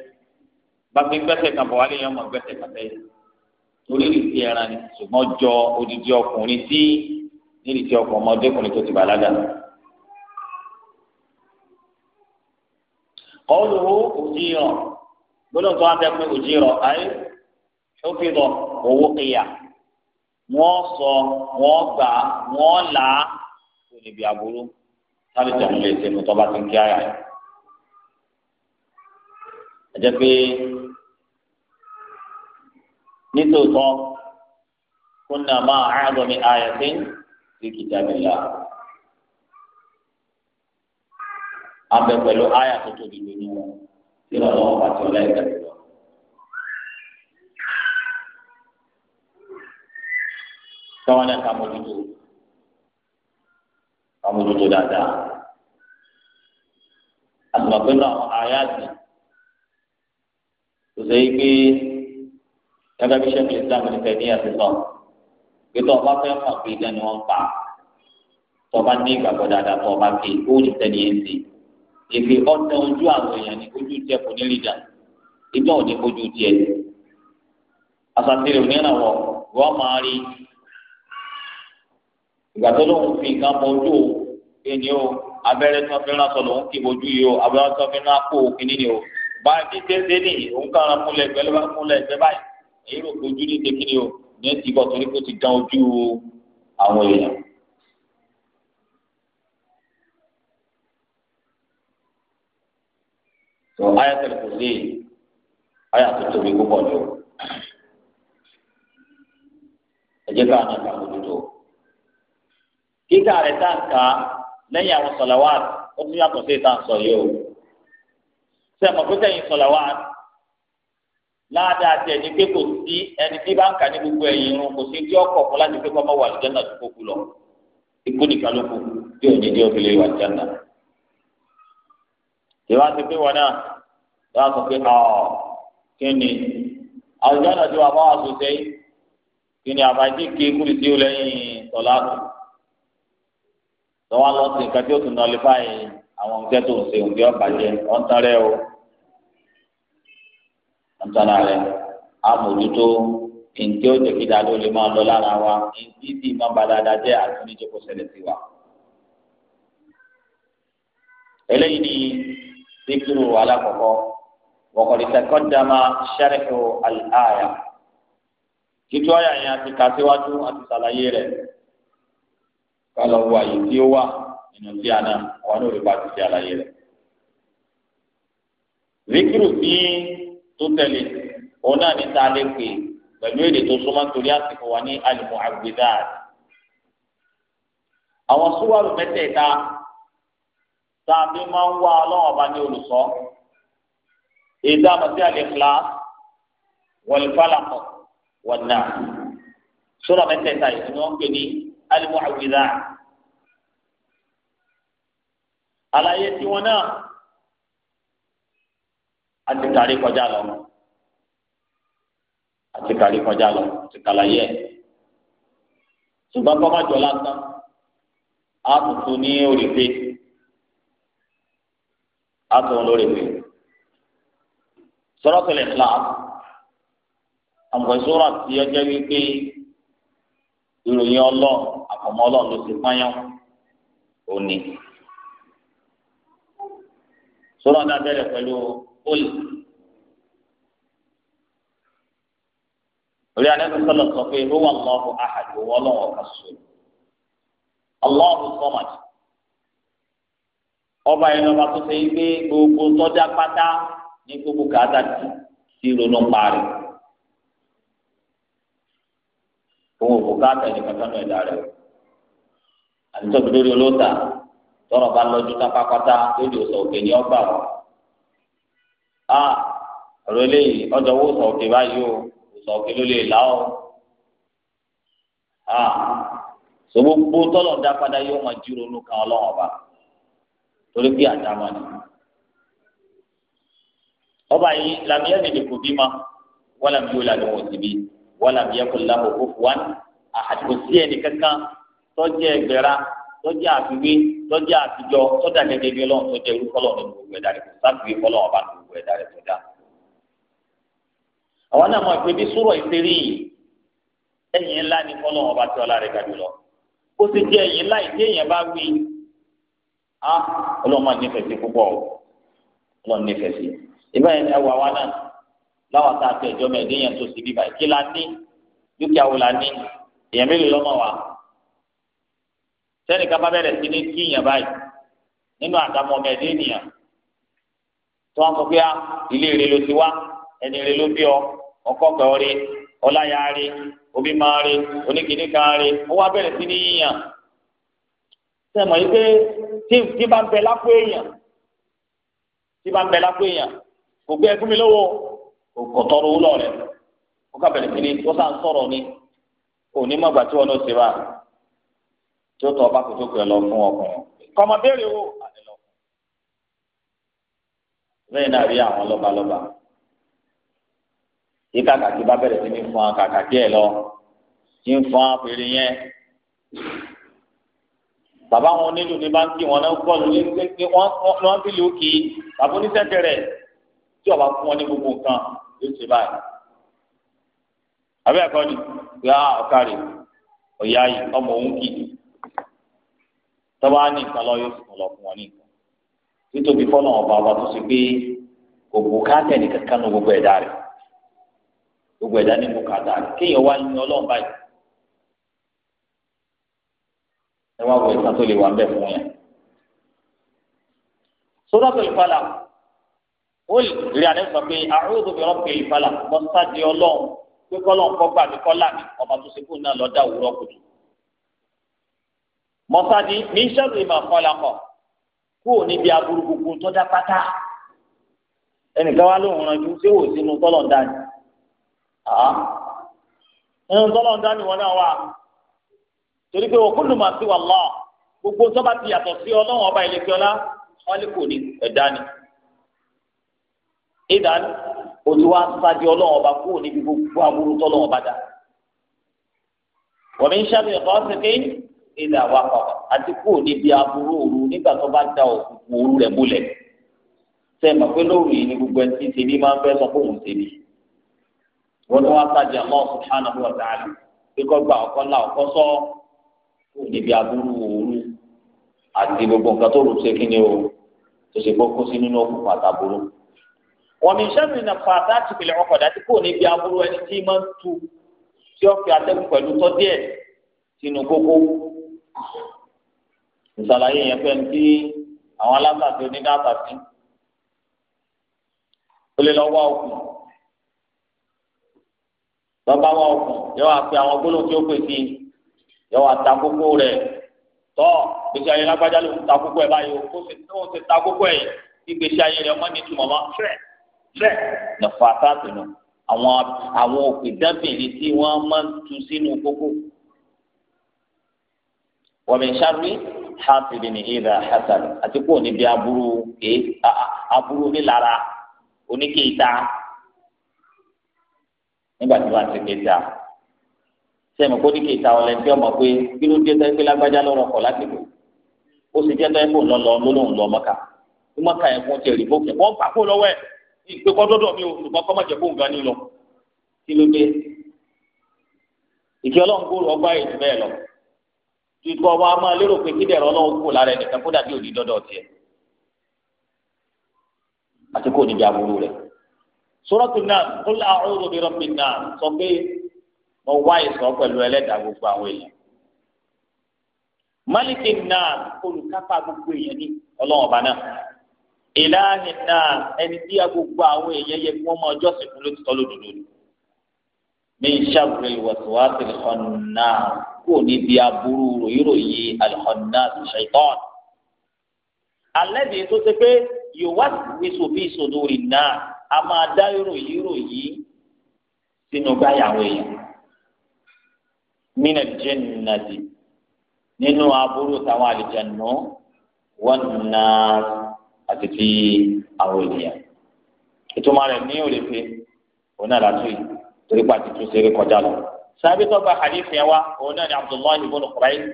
bá fi ń kan bọ̀ wá léèyàn mọ gbẹ́sẹ̀ kan fẹ́yìn torí rí sí ẹran ni ṣùgbọ́n jọ odidi ọkùnrin tí níbi tí ọkọ ọmọdékùnrin tó ti bàlágà. kọ́ọ̀lùwò òjìràn gbọ́dọ̀ tó wá bẹ́ẹ̀ pé òjìràn ayé ó fi lọ owó kìyà wọ́n sọ wọ́n gbà wọ́n là á kó níbi àbúrò sábẹ́ tẹ̀mú lè ṣe mọ́tọ́ bá ti ń kí ara rẹ̀. ẹ pé nítòótọ́ kúnnà máa àádọ́ mi àyẹ̀sìn sí kìtàbílà abẹ pẹ̀lú àyà tó tóbi nínú tí Ọlọ́run bá ti ọlá ìgbà lọ. sọ́wọ́n náà ká mójútó ká mójútó dáadáa àtùmọ̀pẹ́ náà àyà sí kò sẹ́yìn pé gẹ́gẹ́ bí sẹ́kìlì sáà ní fẹ́ ní àti sọ́ọ̀ pé tó o bá fẹ́ mọ̀ pé ìdá ni wọ́n pa tó o bá ní ìgbàgbọ́ dáadáa tó o bá fi ó ní sẹ́ni ẹ̀ ń sè èfi ọ̀tẹ̀ ojú àwọn èèyàn ní ojú tiẹ̀ kò ní rìdà ìjọ òní ojú tiẹ̀ asàtìrì onírànwọ̀ wọ́n máa rí ìgbà tó lóun fi nǹkan mọ ojú ẹni o abẹ́rẹ́ tó fi rán aṣọ lòun kì bojú yìí o abẹ́rẹ́ tó fi rán apò kìíní ni o báyìí títí tẹ́lẹ̀ òun kàn án múlẹ̀ gbẹ́lẹ́ bá múlẹ̀ gbẹ́ báyìí èyí rò ojú ní tẹ́kìní o ní ó ti bọ̀ torí pé ó ti dán ojú àwọn èèyàn. tó ayé tẹ̀lé kò sí ayé àtúntò mi púpọ̀ ni o ẹ jẹ́ ká àná ìgbà mójútó kíkà rẹ̀ tá n kà lẹ́yìn àwọn sọ̀làwà ó tún yàtọ̀ sí ìta sọ yìí o sẹ́mi pé sẹ́yìn sọ̀làwà ládàá tiẹ̀ ní pé kò sí ẹni tí bá ń kà ní gbogbo ẹ̀yìn irun kò sí tí ọkọ̀ fún láti pé kọ́ mọ́ wà lùjánà tó kókó lọ ikú nìkan ló kú tí ò ní jẹ́ òkèlè wà lùjánà. ìwà ti pé wọn náà wọ́n á sọ pé ọ̀ kí ni àlùjánà tí wà fún àwọn àtúnṣe kí ni àbájí kí kúrì tí ó lẹ́yìn tọ́lá tó tọ́wọ́ lọ́sìn kan tí ó tún àwọn òǹkẹ́ tó ń ṣe òǹkẹ́ ọ̀bàjẹ́ ọ̀ àtàrà rẹ̀ àmójútó ǹjẹ́ ó jẹ́ kí dáadọ́ lè máa lọ lára wa ǹjẹ́ ìdí máa ba dáadáa jẹ́ àti oníjókòó ṣẹlẹ̀ sí wa. eléyìí ni díkìrù alákọ̀ọ́kọ́ wọ̀kọ̀dì taqaddama sharhu al-aya títú àyà yẹn àti kà síwájú àti sàlàyé rẹ̀ kálọ̀ wọ àyè tí ó wà nínú tí a wọn ò rí bá ti ṣe àlàyé rẹ̀. díkìrù bíi tó tẹ̀lé òun náà ní ta lè pè pẹ̀lú èdè tó súnmọ́ torí àsìkò wa ní alìmọ̀ àgbèdá. àwọn súwárù mẹ́tẹ̀ẹ̀ta tá a fi máa ń wá ọlọ́run ọba ní olùsọ èdè àmọ́sí al-Ikhlas wal-Falaq wan-Nas yìí ni wọ́n pè ní alìmọ̀ àgbèdá. tiwọn náà àti kárí kọjá lọ àti kárí kọjá lọ àti kàlàyé ẹ̀ ṣùgbọ́n kọ́ máa jọ lásán á tuntun ní òrìṣẹ́ á tún lórìṣẹ́ Suratul Ikhlas àwọn ìṣòro àti ọjọ́ wípé ìròyìn ọlọ́ àfọ̀mọ́ ọlọ́ ló ti pányán òní. sọ́rọ́ dábẹ́rẹ́ pẹ̀lú. قل orí anábì sọlọ sọ pé ló wà lọ́wọ́ àhàdì owó ọlọ́wọ́ kan sọ ọba yẹn lọ́ba tó ṣe gbé gbogbo tọ́jà pátá ní gbogbo kàtà sí ronú parí òun òkú ní ẹ̀dá rẹ̀ àti lórí a ọ̀rọ̀ eléyìí ọjọ́ wo sọ̀kè báyìí o sọ̀kè ló lè là ó a sọ gbogbo tọ́lọ̀ dá padà yóò máa jíròó nù kan ọlọ́run ọba torí pé àdámọ́ ni ọba yìí làmìyẹ nìyí kò bímọ wọn làmìyẹ ò làdùn òsì bí wọn làmìyẹ kò làbò kó wa àti kò sí ẹnì kankan tọ́jú ẹgbẹ̀rún lọ́jọ́ àfiwé lọ́jọ́ àtijọ́ sọ́dà gẹ́gẹ́ bí ọlọ́run tó jẹ́ irú kọ́lọ̀ nínú gbogbo ẹ̀dá rẹ̀ kò sáfiwé kọ́lọ̀ ọba nínú gbogbo ẹ̀dá rẹ̀ tó dá. àwọn náà mọ̀ pé bí sùrọ̀ ìṣeré yìí ẹ̀yìn ńlá ni kọ́lọ̀ ọba tí ọlá rẹ̀ ga jùlọ. ó ti jẹ́ ẹ̀yìn ńlá ìdí èèyàn bá wí á ọlọ́run máa nífẹ̀ẹ́ sí púpọ̀ ọlọ́run nífẹ̀ẹ́ sí. ìbáyẹn ẹ wà wá náà láwọn tá a tẹ̀ ìjọ mẹ́ẹ̀ẹ́dẹ́yẹn tó sì bíbá ìkílá ní dúkìá wo la ní èèyàn mélòó lọ́mọ wa sẹ́ni ká bá bẹ̀rẹ̀ sí ní kíyàn báyìí nínú àtàwọn ọmọ ẹ̀dẹ́ ènìyàn tó wọn sọ pé ah, ilé rẹ ló ti wá ẹni rẹ ló bí ọ ọkọ pẹ̀ọ́ rẹ ọláyà rẹ omi máa rẹ oníkìní kan rẹ ó wá bẹ̀rẹ̀ sí ní yíyàn sẹ́mọ̀ yìí pé tí bá ń bẹ lápò èèyàn tí bá ń bẹ lápò èèyàn kò gbé ẹkún mi kò tọrọ owó lọ rẹ kó ká bẹ̀rẹ̀ sí ní kó sá ń sọ̀rọ̀ ni kò ní mọ̀gbà tí wọn ló ṣe báyìí tí ó tọ ọba kò tó pẹ lọ fún ọkùnrin kọmọbéèrè wo àlelọ lẹ́yìn náà rí àwọn lọ́balọ́ba yìí kàkàkí bá bẹ̀rẹ̀ sí ní fún wa kàkàkí ẹ lọ ní fún wa péré yẹn bàbá wọn nílùú ní báńkì wọn náà kọlu ní pé wọn bí lù kì í bàbá oníṣẹ́kẹ̀rẹ̀ tí ọba fún wọn ní gbogbo nǹkan yóò ṣe báyìí abẹ́ ni pé ọ̀kàrẹ̀ ọ̀yá yìí ọmọ òun kì í tọ́wọ́ á ní nǹkan lọ yóò sì tún lọ fún wọn ní nǹkan títóbi fọ́nà ọba ọba tó ṣe pé kò bùkátà nìkan kan ní gbogbo ẹ̀dá rẹ̀ gbogbo ẹ̀dá ní bùkátà rẹ̀ kéèyàn wá ní ọlọ́run báyìí ẹ wá wo ìtàn tó lè wà ń bẹ̀ fún yẹn. suratul falaq ó rí àná sọ pé a'udhu tó ṣe fún náà lọ́dá mọ́sádì ní sẹ́rù ìmọ̀ kọ́lákọ̀ kó o níbi aburú gbogbo tó dá pátá ẹnìkan wá lóhùn ránjú tí wò sínú tọ́lọ̀ dání nínú tọ́lọ̀ dání wọn náà wà torí pé òkú lùmọ̀ sí wà lọ́ọ̀ gbogbo tó bá ti yàtọ̀ sí ọlọ́wọ́n ọba ìlẹ́kẹ́ ọlá wọn lè kò ní ẹ̀dá ni ìdáni olùwà sáájú ọlọ́wọ́n ọba kó o níbi gbogbo aburú tọ́lọ̀ ọba dá wọ́n mi ń ṣàbẹ̀wò ọ́ ìdá wakọ̀ àti kúrò níbi aburú òru nígbà tó bá da òkùnkùn òru rẹ̀ múlẹ̀ tẹ ẹ mọ̀ pé lóru yìí ni gbogbo ẹni tí ń ṣe bí máa ń fẹ́ sọ pé òun ṣe bí wọn ni wọn tajà Allah subhanahu wa ta'ala kíkọ́ gba ọ̀kọ́ la ọ̀kọ́ sọ kúrò níbi aburú òru àti gbogbo nǹkan tó rò ṣe kí ni o tó ṣe kó kó sí nínú òkùnkùn àtàbúrú wọn mi sẹ́nu ní fàtà ti pèlè ọkọ̀ dàtí kúrò níbi aburú ẹni tí máa ń tu tí ó fi atẹ́kùn pẹ̀lú tọ́ díẹ̀ sínú kókó ìsàlàyé yẹn pẹ́ ní tí àwọn alábàtì onídàáta sí ó lè lọ wá òkun lọ́ba wá òkun yọ wá pe àwọn gbólóhùn tí ó pè sí yọ wá ta kókó rẹ̀ tọ́ gbèsè ayé lágbájá ló ń ta kókó ẹ̀ báyìí o kó sì tó ń ti ta kókó ẹ̀ kí gbèsè ayé rẹ̀ mọ́ ní ìtumọ̀ mọ́ fẹ́ fẹ́ lọ́fọ̀ àtàtì nù àwọn àwọn òpìdánbìnrin tí wọ́n máa ń tu sínú kókó wa min sharri hasidin idha hasad àti kó níbi aburú ké aburú nílara oníkéta nígbà tí wọ́n ti kéta sẹ́mi kó oníkéta ọ̀lẹ́ tí ọmọ pé kí ló dé tẹ́ pé lágbájá lọ́rọ̀ kọ̀ lásìkò ó sì jẹ́ tẹ́ kó lọ́lọ́ lọ́lọ́hùn lọ́ mọ́ka mọ́ka yẹn kó tiẹ̀ rìbó kẹ̀ wọ́n fà kó lọ́wọ́ ẹ̀ ìpè kọ́ dọ́dọ̀ mi ò ṣùgbọ́n kọ́ má jẹ́ fóun gan ni lọ kí ló dé ìkẹ́ ọlọ́run kó ọgbà ètò bẹ́ẹ̀ lọ kíkọ́ wa máa lérò pé kí dẹ̀rọ náà kú lára ẹnìkan kó dàbí òní dọ́dọ̀ tiẹ̀ àti kó níbi aburú rẹ̀. sọ́rọ́tù náà qul a'udhu bi rabbin nas sọ pé mo wá ìsọ pẹ̀lú ẹlẹ́dàá gbogbo àwọn èèyàn. malikin nas olùkápá gbogbo èèyàn ní ọlọ́wọ́n ọba náà. ìlànà náà ẹni tí a gbogbo àwọn èèyàn yẹ kí wọ́n máa jọ́sìn fún lótìtọ́ lódodo ni min sharri alwaswasi alkhannas kò níbi aburú ròyìnròyìn alkhannas shaitan. alladhi tó ṣe pé yorùbá wíṣọ bí suduri náà a máa dá ròyìnròyìn sínú gbáyàwó yẹn. min aljinnati nínú aburú táwọn àlìjẹ̀nù wọn nà àti ti àwọn ènìyàn. ìtumọ̀ rẹ̀ ní òrèfé òun náà látúwìí torí pa tuntun ṣeré kọjá lọ. sábẹ́ tó gba hadith yẹn wá òun náà ni abdullahi ibn quraysh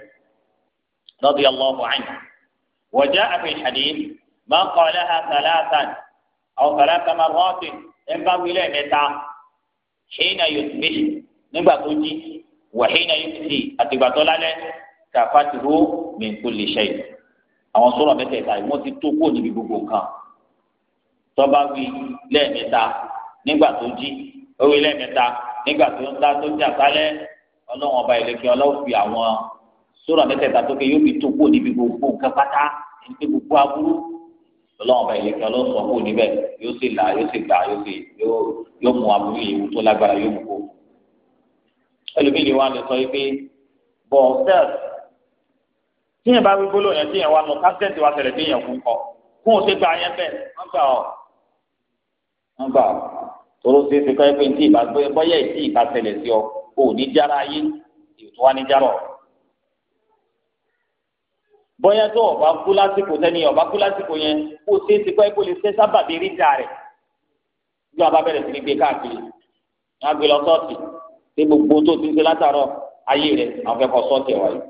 radiyallahu anhu wa jaa fi hadith man qalaha thalathan aw thalatha marratin ẹ̀ ń bá wílẹ̀ mẹ́ta hina yusbih nígbà tó jí wa hina yumsi àtìgbà tó lálẹ́ kafatuhu min kulli shay àwọn sọ̀rọ̀ mẹ́tẹ̀ẹ̀ta yìí ti tó kó níbi gbogbo nǹkan tó bá wí lẹ́ẹ̀mẹ́ta nígbà tó jí orí lẹ́ẹ̀mẹ́ta nígbà tó ń dá tó ń jà sálẹ̀ ọlọ́run ọba ìlẹ̀kẹ́ ọlọ́run fi àwọn sóra mẹ́tẹ̀ẹ̀ta tó ké yóò fi tó kó níbi gbogbo nǹkan pátá ẹni pé gbogbo aburú ọlọ́run ọba ìlẹ̀kẹ́ ọlọ́run sọ kó níbẹ̀ yóò sì là yóò sì gbà yóò sì yóò mú aburú yìí tó lágbára yóò mú kó. ẹlòmíì ni wọn lè sọ pé bọ̀ sẹ́ẹ̀f tí yẹn bá wí gbólóhùn yẹn tí yẹn wà nù kásẹ̀ǹtì wa tẹ̀lẹ̀ bí yẹn kú kọ kó o ṣe gba yẹn bẹ́ẹ̀ wọ́n gbà toro ṣe é ṣe káyọ̀ pé ní tí ìbá gbé bọ́yẹ̀ tí ìbá ṣẹlẹ̀ sí ọ kò ní jára ayé ìtò wa ní jára ọ. bọ́yá tó ọba kú lásìkò sẹ́ni ọba kú lásìkò yẹn kó ṣe é ṣe káyọ̀ pé lè ṣe sábàbí ríta rẹ̀ bí wọn bá bẹ̀rẹ̀ sí ní gbé káàkiri wọn gbé lọ sọ́ọ̀tì ṣé gbogbo tó ti ń ṣe látàárọ̀ ayé rẹ̀ àwọn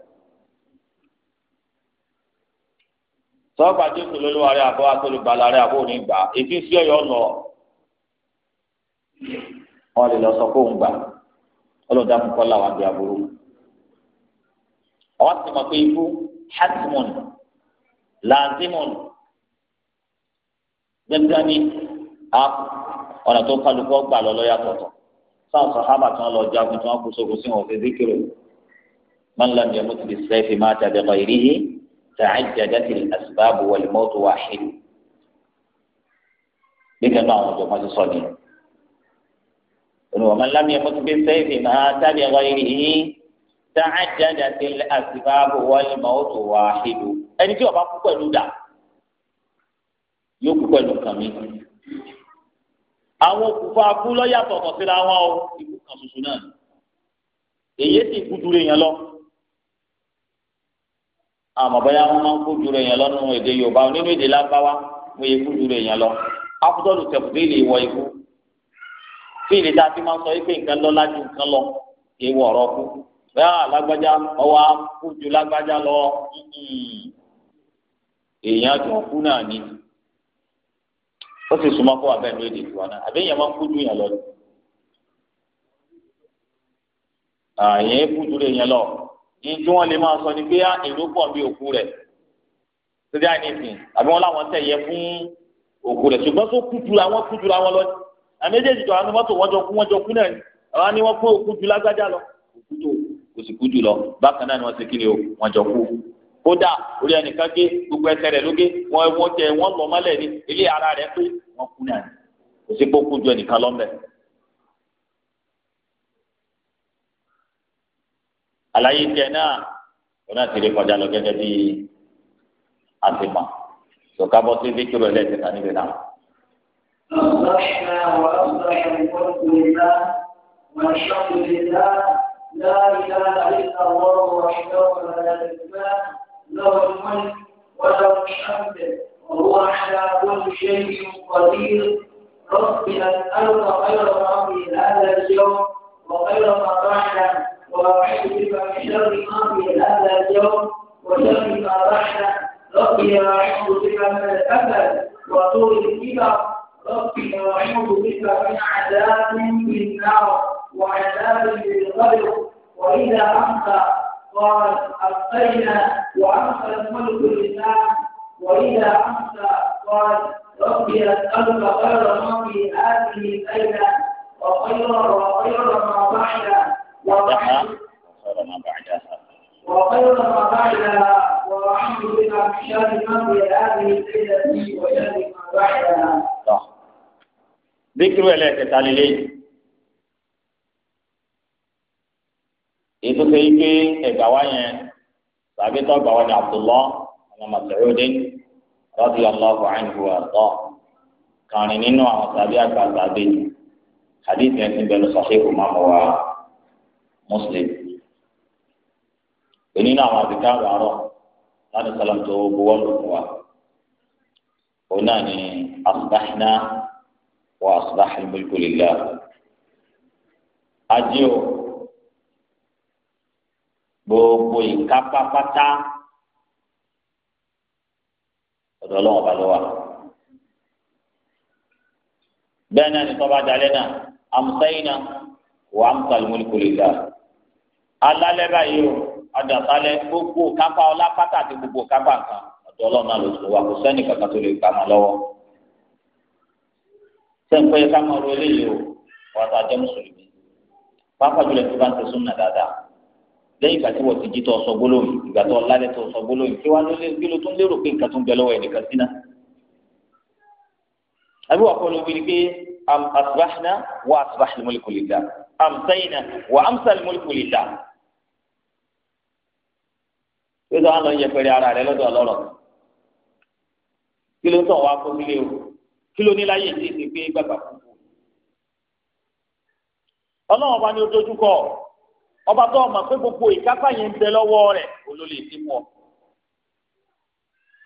fẹ́ jésù lólúwarẹ̀ àbọ̀ àtolùbalà rẹ̀ àbọ̀ òní gbà èsì sí ọ̀yọ́ wọn lè lọ sọ pé òun gbà ọlọ́dà púpọ̀ làwọn àbí aburú àwọn ti mọ̀ pé ikú hatmon lazimon gbẹgbẹ ni a ọ̀nà tó kálukú gbà lọ lọ́yà tọ̀tọ̀ sáwọn sàhábà tí wọn lọ jagun tí wọn kú sóko sí wọn fi zikiro man lam yamut bis-sayfi mata bi ghayrihi ta'ajjadat al-asbab wal-mawtu wahid bí kẹ́ńtà àwọn ọ̀jọ̀gbọ́n ti olùwàmọ lámì ẹmọ tó gbé sẹẹfì máa tábì ẹwà yìí dáadáa ti lẹ àsìbáàbò wọlé màá tó wà hídù ẹni tí ọba kú pẹ̀lú dà yóò kú pẹ̀lú kàmí àwọn òkùnfà kú lọ́yàtọ̀ ọ̀tọ̀ síra wọn o ikú kan ṣoṣo náà èyí sì kú dúró yẹn lọ àmọ́ bóyá wọn máa ń kú dúró yẹn lọ nínú èdè Yorùbá nínú èdè lágbáwá wọn yẹ kú dúró yẹn lọ afúdọ́lù fíìlì tá a fi máa sọ pé nǹkan lọ́lá ju nǹkan lọ ewu ọ̀rọ̀ kú bẹ́ẹ̀ alágbájá ọwọ́ kú ju lágbájá lọ èèyàn tó ń kú náà ni ó sì súnmọ́ kó wà bẹ́ẹ̀ ní èdè tiwa náà àbí èèyàn máa ń kú ju yẹn lọ ni èèyàn kú ju èèyàn lọ ní tí wọ́n lè máa sọ ni pé èrò pọ̀ bí òkú rẹ̀ síbi àìníṣìn àbí wọ́n láwọn tẹ̀yẹ fún òkú rẹ̀ ṣùgbọ́n tó kú ju àwọn kú ju àwọn lọ ni àméjèèjì jọ àwọn mọ́tò wọ́n jọ kú wọ́n jọ kú náà ni àwọn ni wọ́n kó òkú ju lágbájá lọ òkú tó kò sì kú jù lọ bákan náà ni wọ́n ti kí ni o wọ́n jọ kú kódà orí ẹnìkan gé gbogbo ẹsẹ̀ rẹ̀ lóge wọ́n wọ́n tẹ wọ́n lọ mọ́lẹ̀ ni ilé ara rẹ̀ pé wọ́n kú náà ni kò sí pé kú ju ẹnìkan lọ́mẹ̀. àlàyé tiẹ̀ náà wọn náà rí kọjá lọ gẹ́gẹ́ bí àtìmọ̀ sọ̀kábọ́sí dékìrò ẹlẹ́sìn kan níbi náà. أصبحنا وأصبح الملك لله والحمد لله لا إله إلا الله وحده لا شريك له له الملك وله الحمد وهو على كل شيء قدير رب الأرض خير أمري هذا اليوم وخير ما بعد وأعوذ بك من شر أمري هذا اليوم وشر ما بعد ربي أعوذ بك من الأمل وطول الكبر ربنا أعوذ بك من عذاب في وعذاب في وإذا أمسى قال أبقينا وأمسى الملك الاسلام وإذا أمسى قال ربي أسألك خير ما في هذه الليلة وخير وخير ما بعدها وخير ما بعدها وخير ما بعدها ورحمه بك من شر ما في هذه الليلة وشر ما بعدها. díkìrú ẹlẹ́ẹ̀kẹta lélẹ́ yìí. ètò ṣe yí pé ẹ̀gbà wá yẹn tàbí tó gbà wá ní Abdullah ọmọ Mas'udin radiyallahu anhu àtọ́ kàrin nínú àwọn tàbí àgbà tàbí hadith yẹn ti bẹ̀rù sahih máa mọ̀ wá Muslim. onínú àwọn àbíká àrọ̀ láti sálàm tó buwọ́ lókun wa. òun náà ni asbahna. وأصبح الملك لله أجيو gbogbo ìkápá pátá ọ̀dọ̀ Ọlọ́run ọba ló wà bẹ́ẹ̀ náà ní tọba dalẹ náà amusẹyìn náà wà amusal mulkulillah alalẹ báyìí o adàtálẹ gbogbo kápá ọlá pátá àti gbogbo kápá nǹkan ọ̀dọ̀ Ọlọ́run náà ló sọ wà kò sẹ́ni kankan tó lè kà má lọ́wọ́ sẹ́ńpẹ́ ká máa ro eléyìí o wà á jẹ́ mùsùlùmí pápá jùlọ tó bá ń tẹ̀sùn náà dáadáa lẹ́yìn ìgbà tí wọ́n ti jí tó sọ gbólóhùn ìgbà tó lálẹ́ tó sọ gbólóhùn kí wàá lólè kí ló tún lérò pé nǹkan tó ń bẹ lọ́wọ́ ẹ̀ nìkan sínú. àbí wàá kọ́ ló wí pé am asbahna wa asbah al-mulku lillah amsayna pé tó lọ yẹpẹrẹ ara rẹ lọ́dọ̀ ọlọ́rọ̀ kí ló ń tọ̀ wá kó sílé kí ló ní láyé tí èsì pé gbàgbà kúkú ọlọ́run ọba ni ó dojúkọ ọba tó ọmọ pé gbogbo ìkápá yẹn ń bẹ lọ́wọ́ rẹ̀ olólè ti mú ọ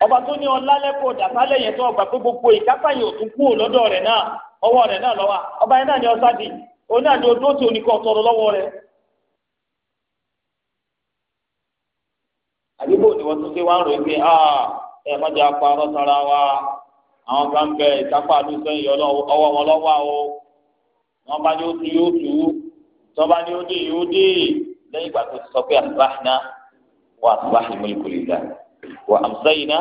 ọba tó ní ọlá lẹ́kọ̀ọ́ dàtálẹ̀ yẹn tó ọgbà pé gbogbo ìkápá yẹn ò tún kú lọ́dọ̀ rẹ̀ náà ọwọ́ rẹ̀ náà lọ́wọ́ ọba yẹn náà ni ọsá di òun náà ni odó tí oníkọ́ tọrọ lọ́wọ́ rẹ̀ àdúgbò ni wọ́n tún ṣe wá ń ròyìn pé ah, ẹ àwọn kan bẹ ìkápá àdúgbò yìí ọwọ́ wọn lọ́wọ́ o wọn bá ní ó tu yóò tu tọ́ba ní ó dé yóò dé lẹ́yìn ìgbà tó ti sọ pé àtúbáhìnà wà àtúbáhìnà mọ́lẹ́kù lè dà wà àmúsáyìnà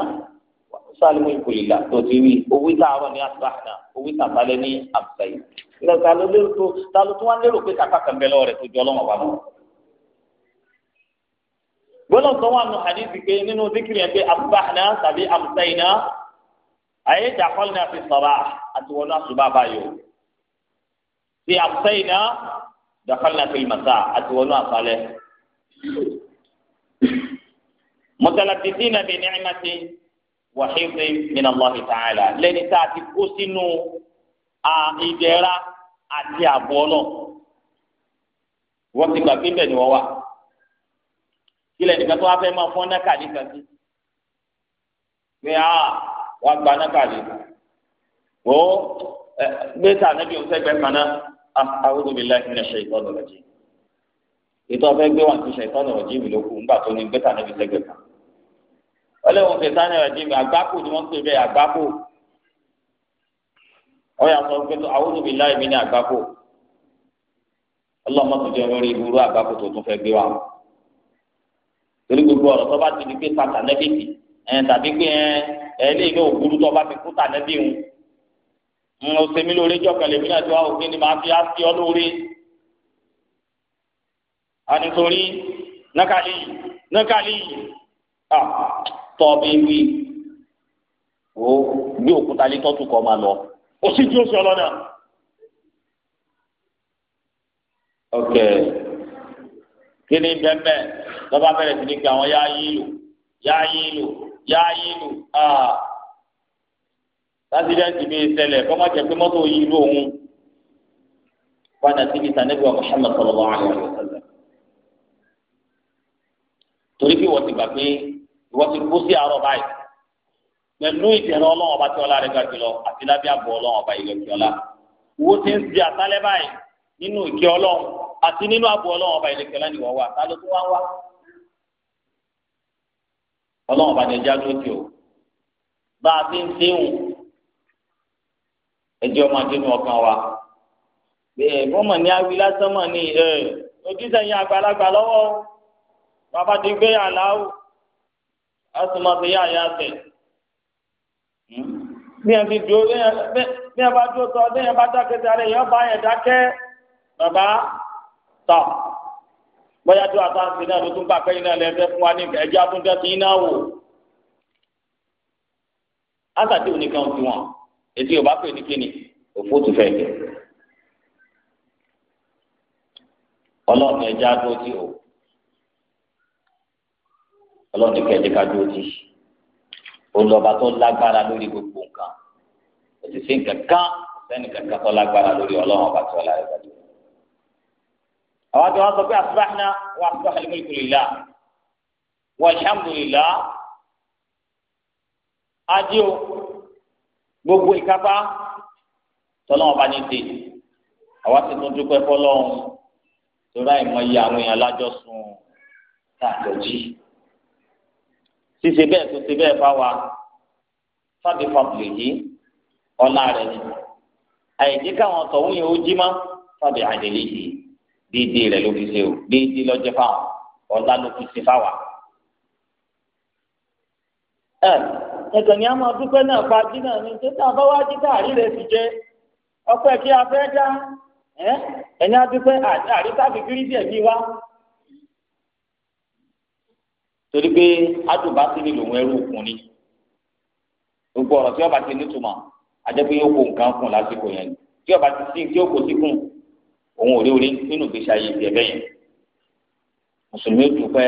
wà àmúsáyìnà mọ́lẹ́kù lè dà tó ti rí owó ìtààrọ̀ ní àtúbáhìnà owó ìtààtàlẹ̀ ní àmúsáyìnà lọ́ta ló lérò tó ta ló tún wá lérò pé kápá kan bẹ lọ́wọ́ rẹ̀ tó jọ ọlọ́wọ́ wa lọ. gbọ́dọ̀ sọ wọn nù hadith pé nínú ayé dàkọ́lì náà fi sọ̀rọ̀ àti wọn náà ṣùgbọ́n àbáyọ ti àbùsẹ́yìn náà dàkọ́lì náà fi màsà àti wọn náà sálẹ̀. mọ̀tàlàbìsí náà bẹ̀ ní ẹ̀mẹ́tì wàhíìsì min Allah ta'ala lẹ́ni tá ti kó sínú ìdẹ̀ra àti àbọ̀ náà wọ́n ti gbàgbé bẹ́ẹ̀ ni wọ́n wà kílẹ̀ nìkan tó wá fẹ́ máa fọ́n náà kàdé kan sí. a. Ah, wàá gba nákàlẹ wò ó gbèsè ànábì òun sẹgbẹ kan náà ah, a'udhu billahi minash shaitonir rajim ètò ọfẹ gbé wà ní shaitonir rajim lókù ńgbà tó ní gbèsè ànábì sẹgbẹ kan ọlẹ́wọ̀n shaitonir rajim àgbákò ni wọ́n pè bẹ́ẹ̀ sọ pé ní àgbákò ọlọ́mọ tó jẹ́ àgbákò tó tún fẹ́ gbé torí gbogbo ọ̀rọ̀ tó bá ẹ tàbí pé ẹ ẹ lè ní tó bá fi kú tà nẹ́bí ń ń sẹ́mi lórí jọ̀kan lèmi náà tó àwọn òfin ni màá fi á sí ọ lórí. ànítorí nákàlí nákàlí à tọ́ ọ bí wí o gbé òkúta lé tọ́tù kọ́ máa lọ ó sì jí oṣù ọlọ́nà. ok kí ni bẹ́ẹ̀ bẹ́ẹ̀ lọ́ba bẹ̀rẹ̀ sí ni pé àwọn yá yí lò yáyínú yáyínú aa sásídẹ́ǹtì bíi ṣẹlẹ̀ kọ́má jẹ́ pé mọ́tò yìí ló ń padà síbi sànẹ́bí wa Muhammad sallallahu alaihi wa sallam torí pé wọ́n ti gbà pé ìwọ́n ti kú sí àárọ̀ báyìí pẹ̀lú ìdẹ̀rọ̀ ọlọ́wọ́n ọba tí ọlá rẹ̀ gbà jùlọ àti lábẹ́ àbọ̀ ọlọ́wọ́n ọba ìlẹ̀ kíọ́lá wo ti ń di àtàlẹ́ báyìí nínú ìkẹ́ àti nínú àbọ̀ ọlọ́wọ́n ọba ìlẹ̀ kíọ́lá ni wọ́n wà tá ló tún wá wá ọlọ́run bá ní ẹja lóde o bá a ti ń déhùn ẹjọ́ máa dénú ọkàn wa bẹ́ẹ̀ wọ́n mọ̀ ní awi lásán mọ̀ ní ẹ̀ ojúṣe yẹn àgbàlagbà lọ́wọ́ bàbá ti gbé àláwò a sì máa fi yá àyà tẹ̀ hmm? bí ẹ ti dúró bí ẹ bá dúró tọ́ bí ẹ bá dákẹ́ sáré yẹn bá yẹn dákẹ́ bàbá tọ̀ bóyá tó àtàǹsì náà ló tún gbà pé iná lẹ́fẹ́ fún wa ní ẹ̀jẹ̀ àtúntẹ́ ti iná wò. ásàtì oníkan ti wọn ètò yorùbá pè ní kíni òfò tó fẹ́ kẹ. ọlọ́run ẹ̀jẹ̀ àdúró tí o ọlọ́run ní kẹ́ẹ̀jẹ̀ ká dúró tí olùọba tó lágbára lórí gbogbo nǹkan òṣìṣẹ́ nǹkan kan sẹ́ni kankan tó lágbára lórí ọlọ́run ọba tí ọlá àwọn àti wọn sọ pé asibáhìnà wà asibáhà lẹ́mọ̀lẹ́kù lìlá wà alhamdulilá adíò gbogbo ìkápá tọ́lọ́wọ́n bá ní dé àwa ti tún dúpẹ́ fọlọ́run torí àìmọye àwọn èèyàn lájọ sùn táàjọ jí ṣíṣe bẹ́ẹ̀ tó ṣe bẹ́ẹ̀ bá wa fábí fàbùlì yìí ọ̀la rẹ̀ ni àìdí káwọn tọ̀hún yẹn ó jí mọ́ fábí àdèlè yìí déédéé rẹ ló fi ṣe o déédéé lọ́jọ́ fáwọn ọ̀la ló fi ṣe fáwa. ẹ ẹ̀kàn ni a máa dúpẹ́ náà pa jí náà ní títà bá wá jí káàrí rẹ fi jẹ ọpẹ́ kí a fẹ́ dá ẹ̀yìn a dúpẹ́ àrí tàbí kírísì ẹ̀mí wa. torí pé adùnbá sí ni lòun ẹrú òkun ni gbogbo ọ̀rọ̀ tí ọba ti nítumọ̀ ajẹ́pẹ́ yóò kó nǹkan kùn lásìkò yẹn tí ọba ti sí tí ó kó sí kùn òun ò rí orí nínú ìgbésí ayé ìdí ẹ̀bẹ̀ yẹn mùsùlùmí dúpẹ́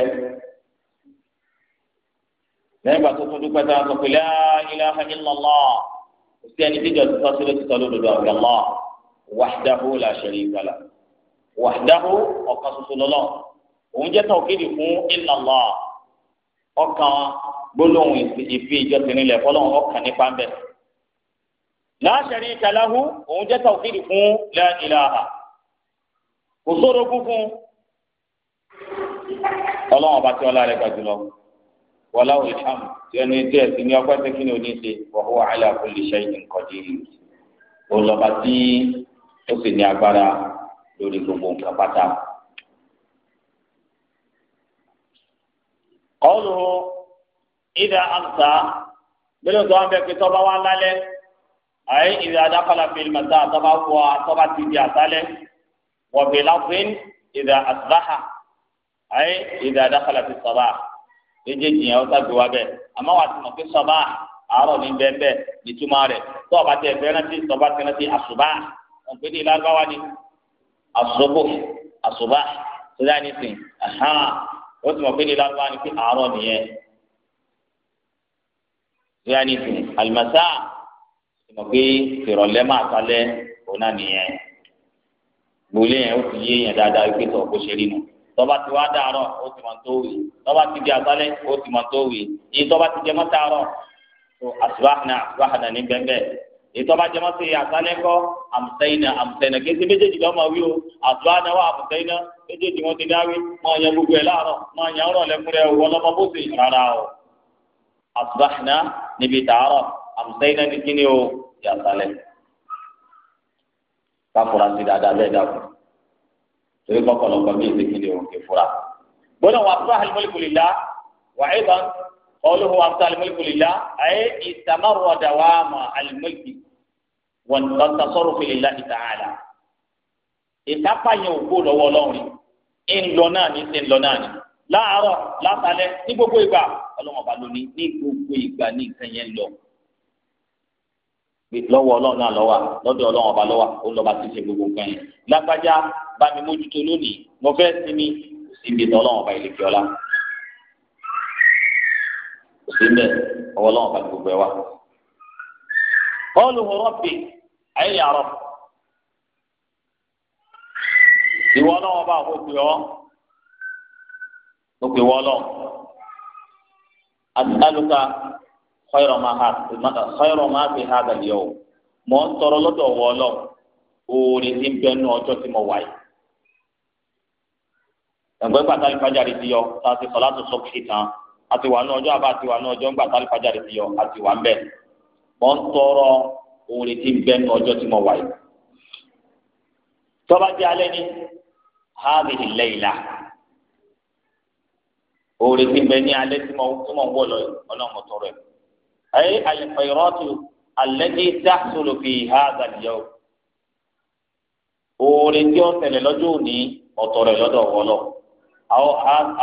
lẹ́yìn ìgbà tó tún dúpẹ́ tá a sọ pé la ilaha illallah kò sí ẹni tíjọ tó tọ́sí ló ti tọ́ lódodo àbí Allah wahdahu la sharika lah wahdahu ọ̀kan ṣoṣo lọ́lọ́ òun jẹ́ fún illallah ọ̀kan gbólóhùn ìfi ìjọsìn nílẹ̀ fọlọ́hùn ọ̀kan nípa ń bẹ̀ la sharika lahu òun jẹ́ tawkidi fún la ilaha. kò sórogún fún ọlọ́run ọba tí ọlá rẹ̀ gbà jùlọ wọlá olùhàm tí ẹnu tí ẹ̀ sí ní ọgbẹ́ tí kí ni òní ṣe wọ́n wà ala kulli shay'in qadir tí ó sì ní agbára lórí gbogbo nǹkan pátá. kọ́ọ̀lù ìdá àmsà gbẹ́dọ̀ wọn pé tọ́ba lálẹ́ àyè ìdá màtá wọ àtọ́ba ti di àtálẹ́. وفي لفظ إذا أصبح أي إذا دخل في الصباح méjèèjì yẹn ọ̀sà gbé wa bẹ́ẹ̀ àmọ́ wà á ti mọ̀ pé sọ́ba àárọ̀ ní bẹ́ẹ̀ nítumọ̀ rẹ̀ tó ọba tẹ ẹgbẹ́ rántí sọ́ba tẹ rántí àṣùbà wọn pè é ní lágbáwá ni àṣùbò àṣùbà tó dá nísìn ó ti mọ̀ pé ní lágbáwá ni pé àárọ̀ nìyẹn tó dá nísìn àlùmọ́sá ti mọ̀ pé tìrọ̀lẹ́ máa talẹ́ òun náà nìyẹn gbòòlé yẹn ó ti yé yẹn dáadáa wípé tó kó ṣe rí nu tọba ti wá dàárọ̀ ó ti mọ tó wì tọba ti di àṣálẹ́ ó ti mọ tó wì yìí tọba ti jẹmọ́ tààrọ̀ tó àṣùwàhánà àṣùwàhánà ní bẹ́ẹ̀ yìí tọba jẹmọ́ sí àṣálẹ́ kọ́ àmùsẹ́yìnà àmùsẹ́yìnà kéde méjèèjì lọ́ máa wí o àṣùwàhánà wà àmùsẹ́yìnà méjèèjì wọn ti dáwé máa yan gbogbo ẹ̀ láàárọ̀ máa yan ọ̀rọ̀ lẹ́kúnrẹ́ wọn lọ́mọ bó sì rárá o àṣùwàhánà níbi tààrọ̀ àmùsẹ́yìnà ní kíni o yàtàlẹ́ káfura sí dáadáa bẹ́ẹ̀ dàgbà torí kọ́kọ́lọ́kọ́ bí èsì kìlẹ̀ òun kì í fura. gbọ́dọ̀ wà fún alimọ́lìkùlìlá wà ẹ̀bà ọlọ́hùn wà fún alimọ́lìkùlìlá ayé ìtàmárọ̀dà wà mà alimọ́lìkì wọn tasọ́rọ̀ fìlìlá ìtàhálà. ìtàpáyẹ̀ òkú lọ́wọ́ ọlọ́run ìnlọ náà ní ṣe ńlọ náà ní. láàárọ̀ látàlẹ́ ní gbogbo ìgbà ọlọ́mọba lóní ní gbogbo ìgbà ní nǹkan yẹn lọ lọ́wọ́ ọlọ́run náà lọ́wọ́ lọ́dọ̀ ọlọ́run ọba lọ́wọ́ ó lọ́ba ti ṣe gbogbo nǹkan yẹn lágbájá bá mi mójútó lónìí mo fẹ́ sinmi kò sí ibi ọlọ́run ọba ìlú fiọ́lá kò sí mbẹ ọwọ́ ọlọ́run ọba gbogbo ẹ wa. kọ́ọ̀lù rọ́bì ayé yàrá ìwọ ọlọ́run ọba ò pè ọ́ ó pè wọ́ ọlọ́run àti tálùkà khayra ma ha khayra ma fi hadha al-yawm mọ̀ ń tọrọ lọ́dọ̀ wọ lọ oore ti ń bẹnu ọjọ́ tí mo wà yìí. ẹ̀gbẹ́ gbàtà ìfàjàre ti yọ tá a ti sọ láti sọ kìí tán àti wà ní ọjọ́ àbá àti wà ní ọjọ́ ń gbàtà ìfàjàre ti yọ àti wà ń bẹ̀. mọ̀ ń tọrọ oore ti ń bẹnu ọjọ́ tí mo wà yìí. tọ́ba jẹ́ alẹ́ ní hadhihi al oore ti ń bẹ ní alẹ́ tí mo ń wọ̀ lọ ọlọ́run أي الخيرات التي تحصل في هذا اليوم oore tí ó ń tẹ̀lé lọ́jọ́ òní ọ̀tọ̀ rẹ̀ lọ́dọ̀ wọlọ́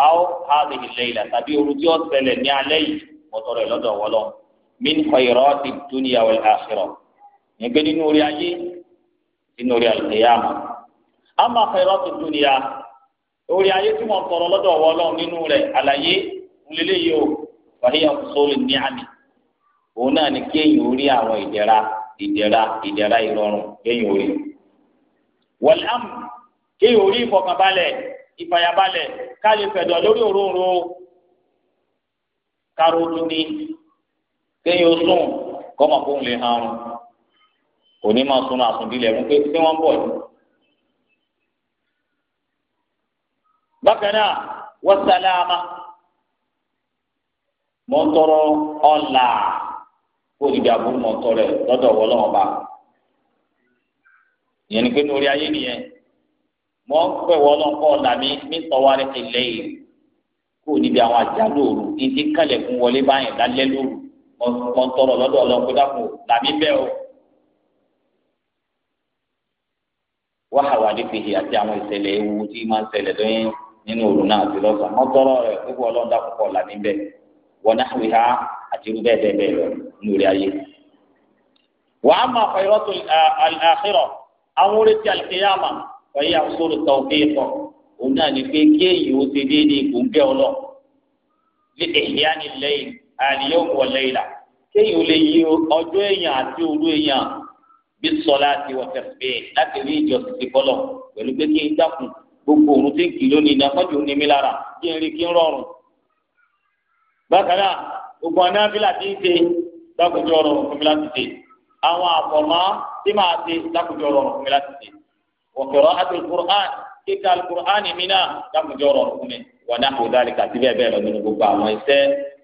àó hàdì ìlẹ́yìnlá tàbí ooru tí ó ń tẹ̀lé ní alẹ́ yìí ọ̀tọ̀ rẹ̀ lọ́dọ̀ wọlọ́ min khayrati dunya wal akhirah nígbẹ́ nínú orí ayé nínú orí al-qiyamah amma khayrati dunya orí ayé tí wọ́n tọrọ lọ́dọ̀ wọlọ́ nínú rẹ̀ àlàyé ńlẹ́lẹ́yìí o wàhíyà sóòlù ní àmì òun náà ni kéèyàn orí àwọn ìdẹ̀ra ìdẹ̀ra ìdẹ̀ra ìrọ̀rùn kéèyàn orí. wọ̀lámù kéèyàn orí ìfọkànbalẹ̀ ìfàyàbalẹ̀ ká lè fẹ̀dọ̀ lórí òróǹro kárólú ni kéèyàn sùn kọ́mọ̀ kó ń lè hàn án òní máa sunu àsùndílẹ̀ mú pé tí wọ́n bọ̀ yìí. bákan náà wọ́n sálámà mọ́ tọrọ ọ̀la kó o níbi aburú mọ rẹ̀ lọ́dọ̀ ọwọ lọ́wọ́ bá ìyẹn ni pé ní orí ayé nìyẹn mọ pẹ wọ lọkọ làmí mi tọwa rẹ ti lẹ́yìn níbi àwọn ajá lóru wọlé báyìí lálẹ́ lóru làmí o. ní fihì àti àwọn ìṣẹ̀lẹ̀ ewu tí máa ń ṣẹlẹ̀ nínú lórí ayé. wà á máa fẹ́ ìrọ́tò àṣírọ̀ àwọn orí ti àlùkìyàmà ọ̀yẹ́ àṣọrò tàwọn kéèkọ̀ òun náà ní pé kéèyàn ó ṣe déédéé gbòǹgẹ́ ọlọ lé èyíá ní lẹ́yìn àníyàn òkú ọ̀lẹ́yìnlá kéèyàn ó lè yí ọjọ́ èèyàn àti òru èèyàn bí sọlá àti wọ̀tẹ̀fẹ̀ láti rí ìjọsìn ti kọ́lọ̀ pẹ̀lú pé kí n dákun gbogbo òun tí ń kì lónìí ní afọ́jú ní mi lára kí n rí kí n rọrùn. bákan náà gbogbo àná abílà ti ń ṣe dákòjọ́ ọ̀rọ̀ fún mi láti ṣe àwọn àfọ̀mọ́ tí màá ṣe dákòjọ́ ọ̀rọ̀ fún mi láti ṣe wọ̀kẹ̀rọ̀ àtẹ̀kùrán kíkà alukur'an mi náà dákòjọ́ ọ̀rọ̀ fún mi wọn náà kò dáa kàtí bẹ́ẹ̀ bẹ́ẹ̀ lọ nínú gbogbo àwọn iṣẹ́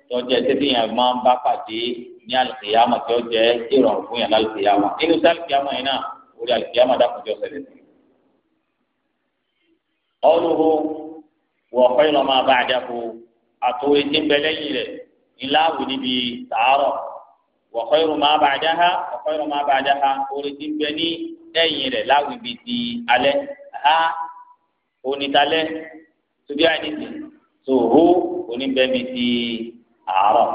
tọ́jẹ́ tẹ́tí yẹn máa ń bá pàdé ní alùpùpù tí ó jẹ́ ìrọ̀rùn fún yẹn lálùpùpù inú sálùpùpù yẹn náà orí alùpùpù dákòjọ́ sẹ̀lẹ̀ sí. ọlùhù wọ̀ khayra ma ba'dahu àtòwé tí ń bẹ lẹ́yìn rẹ̀ ńlá níbi sàárọ̀ wa khayru ma ba'daha wa khayru ma ba'daha orí ti bẹ ní lẹ́yìn rẹ̀ láwùjọ di alẹ́ ha onítalẹ́ tóbi àdìsí tòhó oníbẹ̀mí ti àárọ̀.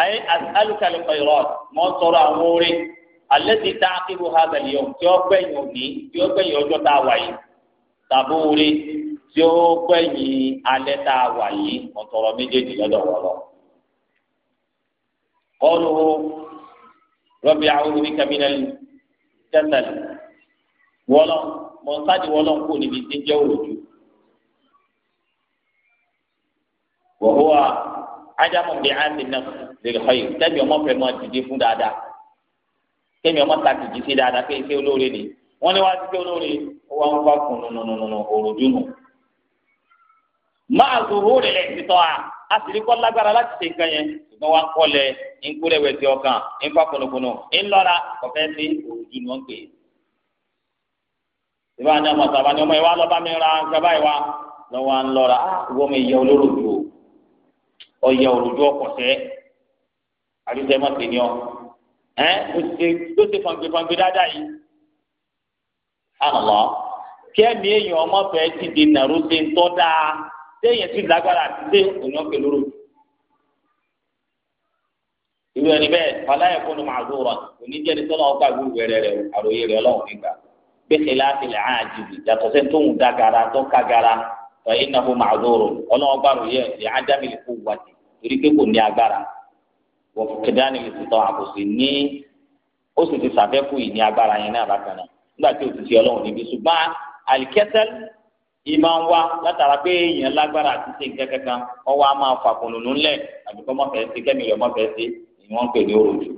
ayé alukali kọ̀yọ̀rọ̀ mọ́ tọrọ àwọn orí alẹ́ ti ta akébò ha bẹ̀lẹ̀ yọ tí ó gbẹ̀yìn òní tí ó gbẹ̀yìn ọjọ́ tá a wà yìí tàbó orí tí ó gbẹ̀yìn alẹ́ tá a wà yìí mọ́ tọrọ méjèèjì lọ́dọ̀ wọ́lọ́. قوله رب أعوذ بك من الكسل wọlọ mọ̀nsáàdì wọlọ ń kó níbi tí ń jẹ́ òòjú wọ̀húwa ájámọ̀ bí áàdì náà lè xọ yìí tẹ́mi ọmọ fẹ́ mọ dìde fún dáadáa tẹ́mi ọmọ ta dìde sí dáadáa pé iṣẹ́ olóore ni wọ́n ní wàá dìde olóore ó wá ń wá kùnùnùnùnùnù òòjú nù. máa zòwò rẹ̀ lẹ́sìn tọ́ a a sì rí kọ́ lágbára láti ṣe nǹkan yẹn ṣùgbọ́n wa ń kọ́lẹ̀ ń kúrẹ́ wẹ̀ sí ọkàn ń fa kùnùkùnù ń lọ́ra ọ̀fẹ́ sí òòjú ni wọ́n pè é. ìwà ni ọmọ sábà ni ọmọ ìwà lọ́ba mi ra nǹkan báyìí wa lọ́wọ́ ń lọ́ra ah, wọ́n mi yẹ olóró ju ọ yẹ òròjú ọkọ̀ṣẹ́ àríṣẹ́ mọ́ sí ni ọ ẹ́ tó ṣe fọ̀ǹgbẹ̀ fọ̀ǹgbẹ̀ dáadáa yìí àlọ́ kí ẹ̀mí èèyàn ọmọ fẹ́ẹ́ téèyàn ti lágbára àti dé òní ọ̀kẹ́ lóró. irú ẹni bẹ́ẹ̀ fàlàyé fún un màdùn rà òní jẹ́ni sọ́nà ọgbà gbogbo rẹ̀ rẹ̀ àròyé rẹ̀ ọlọ́run nígbà bẹ́ẹ̀ láti lè hàn àjèjì yàtọ̀ sẹ́ni tó ń da gara tó ká gara ẹ̀yìn náà fún màdùn rò ọlọ́run gbà ròyé lè hàn dá mi lè fún wàtí torí pé kò ní agbára wọ́n kẹ́dá ni lè ti tọ́ àkóso ní ó sì ti sàfẹ́kù ì ìmọ̀ ń wá látara pé èèyàn lágbára àti ṣe nǹkan kankan ọwọ́ a máa fà kùnùnú ńlẹ̀ àbíkọ́ mọ̀fẹ́ sí kẹ́mi rẹ̀ mọ̀fẹ́ sí ni wọ́n ń pè ní òròjù.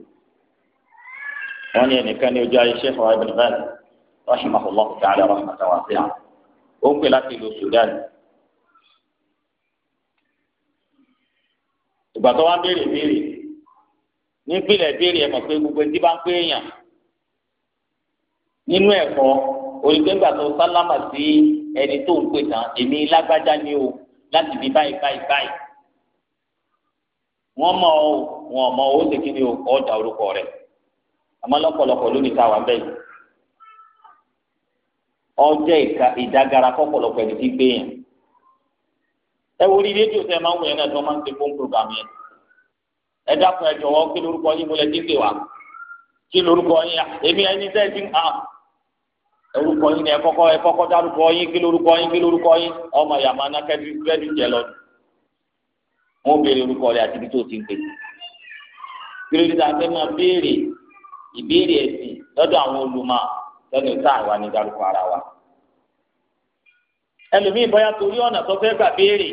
wọ́n ní ẹnìkan ní ojú ayé Sheikh Ibn Baz rahimahullah ta'ala rahmatan wasi'a ó ń pè láti ìlú Sudan. ìgbà tó wá béèrè béèrè nípìnlẹ̀ béèrè ẹ̀ mọ̀ pé gbogbo ẹtí bá ń pé èèyàn nínú ẹ̀kọ́ ẹni tó ń pè tán èmi lágbájá ni o láti bí báyìí báyìí báyìí wọ́n mọ̀ ọ́ wọ́n mọ̀ ọ́ ó ṣe kí ni o ọ̀dà orúkọ rẹ̀ àmọ́ lọ́pọ̀lọpọ̀ lónìí tá a wà bẹ́ẹ̀ ọjọ́ ìka ìdágara kọ́pọ̀lọpọ̀ ẹni tí gbé yẹn ẹ wo rí rédíò tẹ máa ń wọ̀nyẹn náà tí wọ́n máa ń ṣe fún program yẹn ẹ dákun ẹ jọ̀wọ́ kí lórúkọ yín mo lẹ dín pè wá kí lórúkọ yín èmi ẹni tẹ́ ẹ ti ń hàn. Ah, orúkọ yín ni ẹ kọ́kọ́ ẹ kọ́kọ́ dárúkọ yín kí lórúkọ yín kí lórúkọ yín ọmọ yàmá ná kẹ́dí kírẹ́dì jẹ lọ. wọ́n béèrè orúkọ rẹ̀ àti ibi tó ti ń pè. kírẹ́dì tá a fẹ́ máa béèrè ìbéèrè ẹ̀sìn lọ́dọ̀ àwọn olùmọ̀ lọ́dọ̀ tá àwa ní dárúkọ ara wa. ẹlòmíì bóyá torí ọ̀nà tó fẹ́ gbà béèrè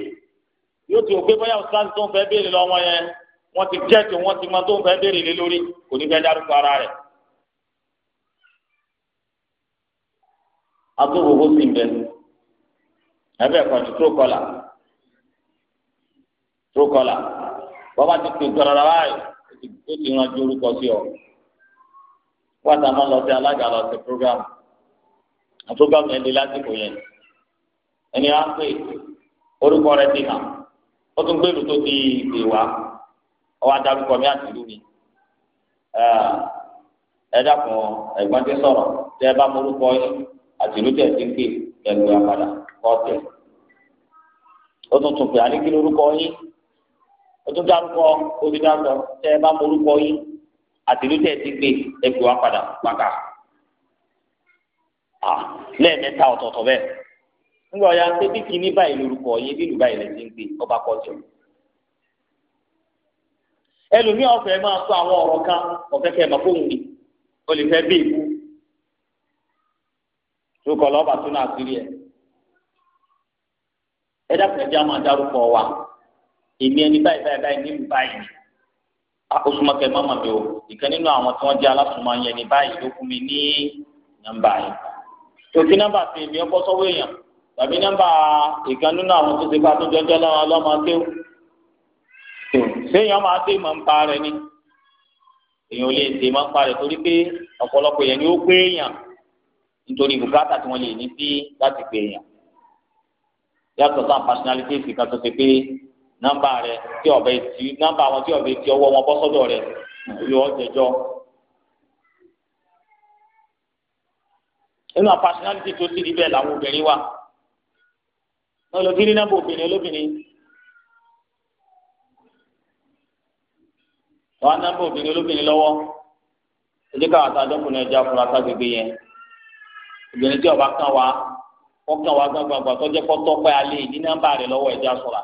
yóò ti òpé bóyá ọ̀sán tó ń fẹ́ béèrè lọ́wọ́ yẹn wọ́n ti jẹ́ tó wọ́n ti mọ atúwòwò sì ń bẹ ẹbẹ kan ju trokọlà trokọlà bàbá ti pè gbọdọdọ báyìí ó ti ràn ju orúkọ sí ọ wàtà máa lọ sí alága lọ sí program àtúgbàmù ẹni lásìkò yẹn ẹni á pè orúkọ rẹ ti hàn ó tún gbèrú tó di ìgbè wá ọwọ́ adarúkọ mi àti ìlú mi ẹ dákun ẹ̀gbọ́n ti sọ̀rọ̀ tẹ ẹ bá mọ àtìlújẹ ti ń pè ẹgbẹ apàdà kọtẹ ó tún tún pè á ní kí lórúkọ yín ó tún dárúkọ tẹ ẹ bá mọ orúkọ yín ti ẹgbẹ apàdà pàkà à lẹ́ẹ̀mẹ́ta ọ̀tọ̀ọ̀tọ̀ nígbà ṣé bí kìíní báyìí lórúkọ yín bí lù báyìí ọba tó kọ lọ́ba tó náà sírí ẹ̀. ẹ dákun ẹjẹ máa dárúkọ wa èmi ẹni báyìí báyìí báyìí ní báyìí akosumọkẹ mọmọ mi o ìkan nínú àwọn tí wọn jẹ alásùnmọ yẹn ní báyìí ló fún mi ní nọ́mbà yìí tòkí nọ́mbà tí èmi ọkọ sọwọ èèyàn tàbí nọ́mbà ìkan nínú àwọn tó ti pa tó jọjọ lọ́wọ́ ọlọ́mọ kéwù séèyàn máa dé mọ̀ ń pa rẹ ni èèyàn ò lè dè mọ̀ ń pa rẹ torí pé ọ̀pọ̀lọpọ̀ yẹn ni ó gbé èèyàn nítorí bùkátà tí wọ́n lè ní sí láti pè èèyàn yàtọ̀ sáà personalities kan tó ṣe pé nọ́mbà rẹ tí ọ̀bẹ ti nọ́mbà wọn tí ọ̀bẹ ti ọwọ́ wọn bọ́ sọ́dọ̀ rẹ yọ ọ́ jẹjọ́. nínú àwọn personality tó ti di bẹ́ẹ̀ làwọn obìnrin wà wọ́n lọ kí ní nọ́mbà obìnrin olóbìnrin. wọ́n á nọ́mbà obìnrin olóbìnrin lọ́wọ́ ẹ̀jẹ̀ káwọn àtàdọ́kùnrin ẹja fúnra ságbègbè yẹn obìnrin tí ọba kan wa ọkàn wa gbàgbàgbà tọjẹ kọtọ pé alẹ ní nọ́mbà rẹ lọ́wọ́ ẹjẹ asọra.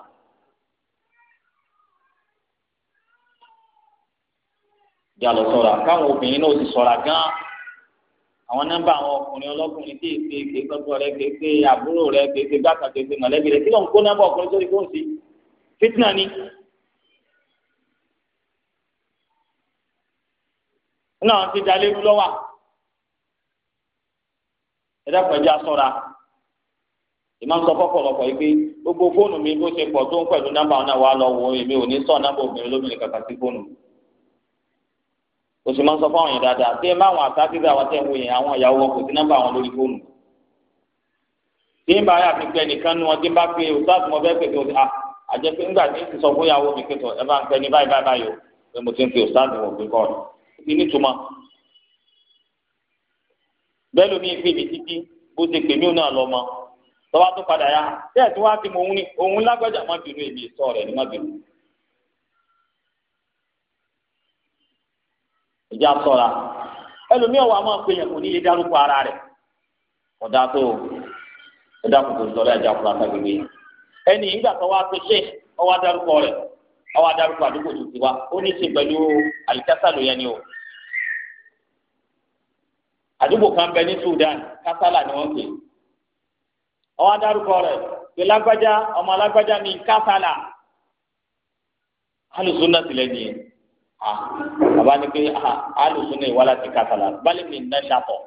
ìjà lọ ṣọ́ra káwọn obìnrin náà sì ṣọ́ra gan àwọn nọ́mbà àwọn ọkùnrin ọlọ́kùnrin tí èsì èké gbọgbọ rẹ kéèké àbúrò rẹ kéèké gbàgbà kéèké mọ̀lẹ́bí rẹ kí ló ń kó nọ́mbà ọkùnrin sórí fóònù sí fitna ni. náà ti dalé lọ́wọ́ ẹ̀dàpọ̀ ẹ̀jẹ̀ asọ́ra ìmọ̀ sọ fọ́pọ̀lọpọ̀ yìí pé gbogbo fóònù mi bó ṣe pọ̀ tó ń pẹ̀lú nọ́mbà náà wà lọ wo èmi ò ní sọ nọ́mbà obìnrin lóbìnrin kàkà sí fóònù mi kò sì máa ń sọ fún àwọn yẹn dáadáa tí ẹ má àwọn àtàkìrì àwọn tẹ̀ ń wo yẹn àwọn ìyàwó wọn kò sí nọ́mbà àwọn lórí fóònù tí ń bá yà fi pẹ nìkan nu wọn tí ń bá pe òtáàtì mo fẹ́ pè tó a àjẹ pé nígbà tí ń ti sọ fún ìyàwó mi pé tó ẹ bá ń pẹ ní báyìí báyìí o pé mo ti ń pe òtáàtì wọn pé kọ́ ọ ní ìtumọ̀ bẹ́ẹ̀ lómi pè mí títí bó ṣe pè mí náà lọ mọ tọ́wá tó padà yá bẹ́ẹ̀ tí wọ́n á ti mọ òun ní òun lágbájá má bínú èmi sọ rẹ̀ ní má bínú. ìjà a máa pè yẹn kò ní dárúkọ ara rẹ ọ̀dà tó ẹ̀dá kòtò sọ̀rọ̀ ẹ̀dá kòtò àtàgbègbè ẹni ìgbà tó wá ọwọ́ ọwọ́ àdúgbò tó ti wá ó ní í ṣe pẹ̀lú àdúgbò kan bẹ ní Sudan kásálà ni wọn pè ọwọ adarúkọ rẹ pé lágbájá ọmọ lágbájá ah, ní kásálà alùsùnà tilẹ̀ ní a bàbá ni pé alùsùnà ah, ìwà láti kásálà balẹ̀ mi nà ṣàtọ̀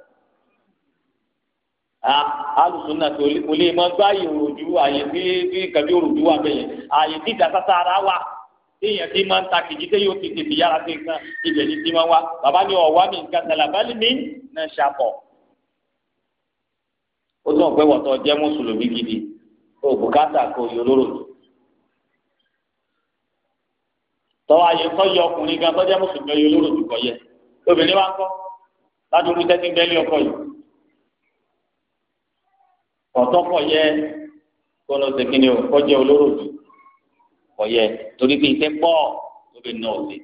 alùsùnà ah, tó olè mọ gbá ìròjú àyè bí bí kàbí òròjú wà bẹ́yẹn àyè bí ìdásásá ara wà téèyàn ti máa ń ta kìjì téèyàn ó ti tètè yára sí nǹkan ibẹ̀ ni ti máa ń wá bàbá ni ọ̀wá mi nǹkan sàlàbálì mi náà ṣàpọ̀. ó tún pé wọ́tọ̀ jẹ́ mùsùlùmí gidi kó o bùkátà kó o yọ lóró tó. tọ́wọ́ ayé kọ́ yẹ ọkùnrin gan tọ́jẹ́ mùsùlùmí yọ lóró tó kọ́ yẹ obìnrin wa ń kọ́ ládùúgbò tẹ́tí ń bẹ́lí ọkọ yìí. ọ̀tọ́kọ̀ yẹ kó lọ sí kọ́ jẹ́ olóró tó ọ̀yẹ́ torí pé iṣẹ́ pọ̀ lóbi náà sí.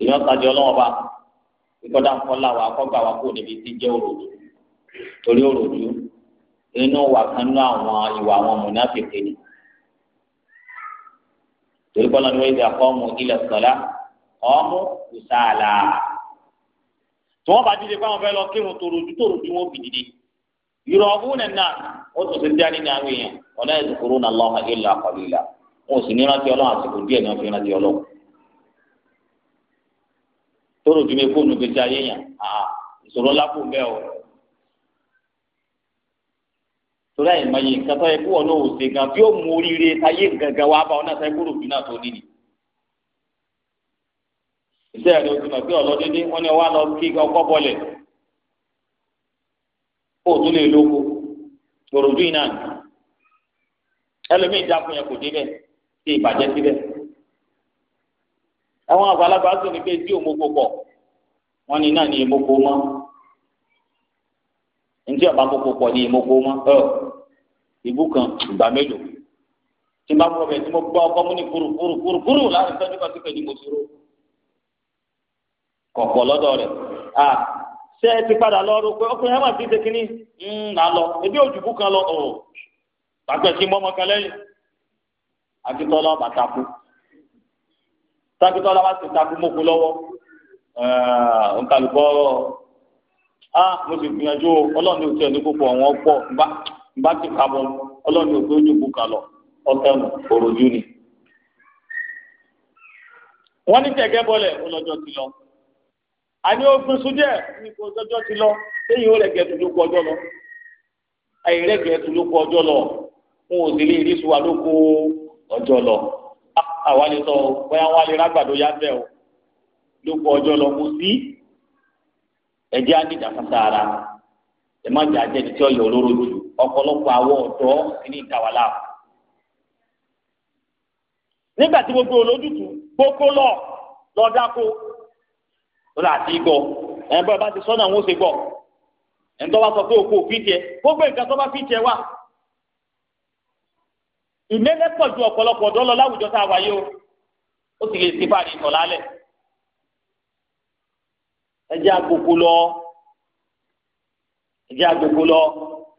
èèyàn tajú ọlọ́wọ́ bá kíkọ́dá ńkọ́lá wa kọ́gbà wa kó níbi tí jẹ́ òròjú torí òròjú inú wà kan nú àwọn ìwà àwọn mùnáfíkì ni. torí kọ́lá ni wọ́n ti àkọ́mù ilẹ̀ sọ̀lá ọmú kùsàlà. tí wọ́n bá dìde fáwọn fẹ́ lọ kírun tòròjú tòròjú wọn bì yurabuna an-nas na tún ti ń dárí ní na èèyàn wa la yadhkuruna Allaha illa qalila wọn ò sì ní rántí ọlọ́run àsìkò díẹ̀ náà fi rántí ọlọ́run tóró dùn mí fóònù gbèsè ayé o torí àyè máa yẹ nǹkan tó yẹ kó lọ kó o tún lè lóko gbòòròdú iná ni ẹlòmíì dákun yẹn kò débẹ̀ ṣe ìbàjẹ́ síbẹ̀ àwọn àgbàlagbà sọ ni pé tí òmòkò pọ̀ wọn ni náà ni èmòkò mọ́ ntí ọba kókó pọ̀ ni èmòkò mọ́ ẹ ìbú kan ìgbà mélòó tí n bá kọ́ bẹ̀ tí mo gbọ́ ọkọ mú ní kúrú kúrú kúrú kúrú láti sọ́jú kan sípè ní mo dúró kọ̀ọ̀kọ̀ lọ́dọ̀ rẹ̀ a. Ah, ṣé ti padà lọ rò pé ọkùnrin ẹ ti ṣe kínní hmm, ń lọ ebi òjùbù kan lọ ọ̀rọ̀ oh. gbàgbẹ́ sí mọ́mọ́ kan lẹ́yìn akitọ́lá bá takú takitọ́lá bá ti takú mọ́kú lọ́wọ́ nkàlùkọ́ a mo sì gbìyànjú ọlọ́ọ̀ni ò tiẹ̀ púpọ̀ wọn pọ̀ nbá ti kà mọ́ ọlọ́ọ̀ni òjùbù kan lọ ọ̀tẹ̀mù òròjú ni wọ́n ní tẹ̀gẹ́ bọ́lẹ̀ àní ogun sójú ẹ nípa ọjọ́ ti lọ lẹ́yìn òrẹ̀gẹ̀ tó ló ọjọ́ lọ ẹ̀yìn rẹ̀gẹ̀ tó ló ọjọ́ lọ ń wò sí léyìn ìrísùwà lọ àwa lè sọ bóyá wọn lè rágbàdo yá o lọ kó sí ẹ̀jẹ̀ àdìjà fúnta ara ti olóró jù ọ̀pọ̀lọpọ̀ àwọ̀ ọ̀dọ́ ìtawàlá nígbà tí gbogbo olójútùú lọ rà àti gbọ́ ẹ̀ bọ́ ẹ bá ti sọ́nà àwọn ó ṣe gbọ́ ẹ̀ ń tọ́ wá sọ pé òkú òfin tiẹ̀ gbogbo nǹkan tó bá fi tiẹ̀ wà. ìmẹ́lẹ́ pọ̀ ju ọ̀pọ̀lọpọ̀ ọ̀dọ́ lọ láwùjọ tá a wáyé o ó sì lè sí fàárí ìtàn lálẹ́ ẹjẹ́ agbègbè lọ ẹjẹ́ agbègbè lọ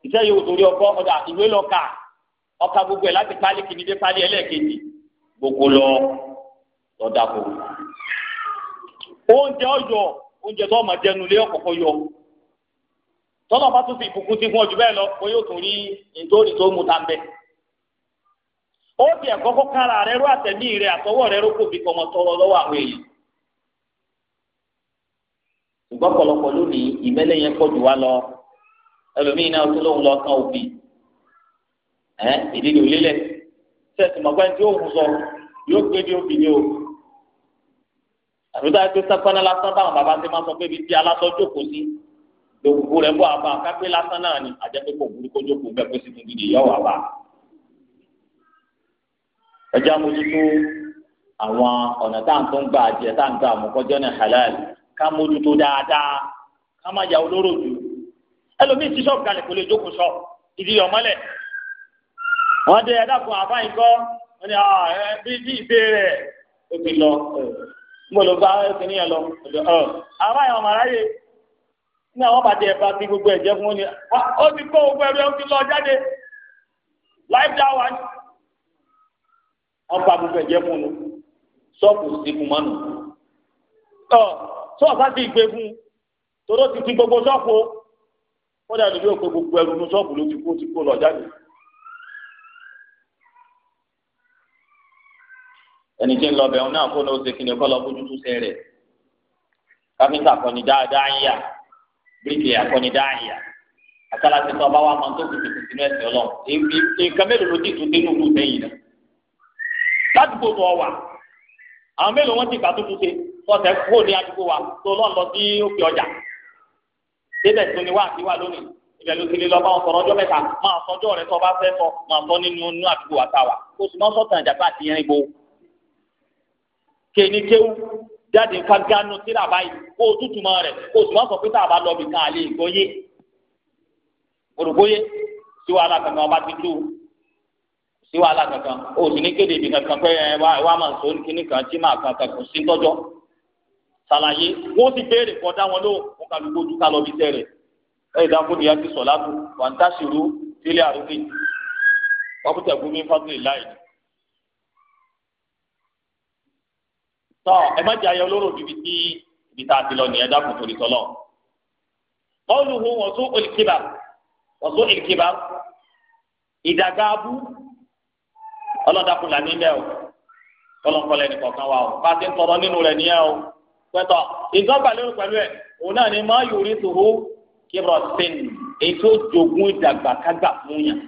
iṣẹ́ yòówù torí ọkọ ọ̀dà ìwé lọ kà ọkà gbogbo ẹ̀ láti pálí kìíní pálí ẹlẹ́ẹ̀kejì gbogbo lọ lọ́dà kò o ọyọ oúnjẹ tó ọmọ jẹnu lé ọkọọkọ yọ tọ́lọ̀ bá tún fi ìbùkún ti fún ọjọ́ bẹ́ẹ̀ lọ pé yóò tún rí tó ó ẹ̀kọ́ àtẹ̀mí àtọwọ́ tọrọ lọ́wọ́ àwọn èèyàn. ṣùgbọ́n pọ̀lọpọ̀ lónìí yẹn pọ̀ lọ ẹlòmíì náà tó lóun lọ kan òbí ẹ̀ ìdílé òlélẹ̀ sẹ́ẹ̀tì mọ̀gbẹ́ni tí ó hùn sọ yóò ni o àbí táyà pé sápẹ́nà lásán táwọn bàbá ti máa sọ pé ibi tí alásọ jókòó sí gbogbo rẹ̀ bọ́ àbá kápẹ́ lásán náà ni àjẹpẹ́ kò burúkú jókòó bẹ́ẹ̀ pé sì tún gidi yọ̀ wà ẹja mójútó àwọn ọ̀nà tá à ń tó ń gbà jẹ tá à ń gbà mú ní halal ká mójútó dáadáa ká má ya olóró jù ẹlòmíì ti ṣọ́ọ̀bù kalẹ̀ kò lè jókòó ṣọ́ ìdí ọ̀mọ́lẹ̀ wọ́n dé ẹ̀dá kan àbá yìí kọ́ wọ́n ní ah, bí gbọ́dọ̀ gba ẹsìn yẹn lọ ọ àwọn àyàn màráyè ní àwọn bàtẹ ẹ̀fà ti gbogbo ẹ̀jẹ̀ fún ni ó ti kó gbogbo ẹ̀rọ ó ti lọ jáde láìpẹ́ dá wa ọba gbogbo ẹ̀jẹ̀ fún un ṣọ́ọ̀bù sí fún mọ́nù ọ ṣọ́ọ̀bù àti ìgbé fún un tòró ti ti gbogbo ṣọ́ọ̀bù ó dàbí yóò pé gbogbo ẹrù ní ṣọ́ọ̀bù ló ti kó ti kó lọ jáde. ẹni tí ń lọ bẹ̀rù náà kó ní oṣù kìnìún kọ́ lọ bójú tó ṣe rẹ̀ káfíńtà kọ́ni dáadáa ń yà bíríkì àkọ́ni dáadáa ń yà àtàlà ti sọ ọba wa máa ń tó kùtù kùtù ní ẹsẹ̀ ọlọ́run nǹkan mélòó ló dìtò dé nínú sẹ́yìn náà ládùúgbò tó ọ wà àwọn mélòó wọn ti gbà tó túnṣe tọ́tẹ̀ kó ní àdúgbò wa tó lọ́n lọ sí òkè ọjà débẹ̀ tó ní wá àti wá lónìí ibẹ̀ ló ti lè lọ bá wọn sọ̀rọ̀ ọjọ́ mẹ́ta máa sọ ọjọ́ rẹ tó bá fẹ́ sọ máa sọ nínú àdúgbò wa táwa kó sì máa kéènì kéwù jáde ká gánú síra báyìí kó o tútù mọ rẹ kó o tún bá sọ pé tá a bá lọ bí kan àlè ìgbóyè òrùkóyè sí wàhálà kankan ọba ti sí wàhálà kankan o sì ní kéde ìdìkan kan pé ẹ wá ẹ wá máa sọ kíní kan tí máa kan kan kò sí tọjọ ṣàlàyé wọn ti béèrè kọjá wọn lóhùn kó kálukú ojú ká lọ bí sẹ rẹ ẹ ìdáko nìyá ti sọ látò wàǹtá ṣìrú sílé àrùbí wọn kú tẹkú mi fásitì láì ní. tọ ẹ má jẹ ayọ lóró bíbi tí ibi tá a ti lọ nìyẹn dákun torí tọlọ. qawluhu wa su'ul kibar wa su'ul kibar ìdàgàbù ọlọ́dàkùn là ní ilẹ̀ o tọlọ́nkọlẹ̀ nìkan kan wà o bá a ti ń tọrọ nínú rẹ̀ nìyẹn o pẹ̀tọ̀ ìgbọ́gbàlérò pẹ̀lú ẹ̀ òun náà ni má yurithuhu kibratin èyí tó jogún ìdàgbàkágbà fún yàn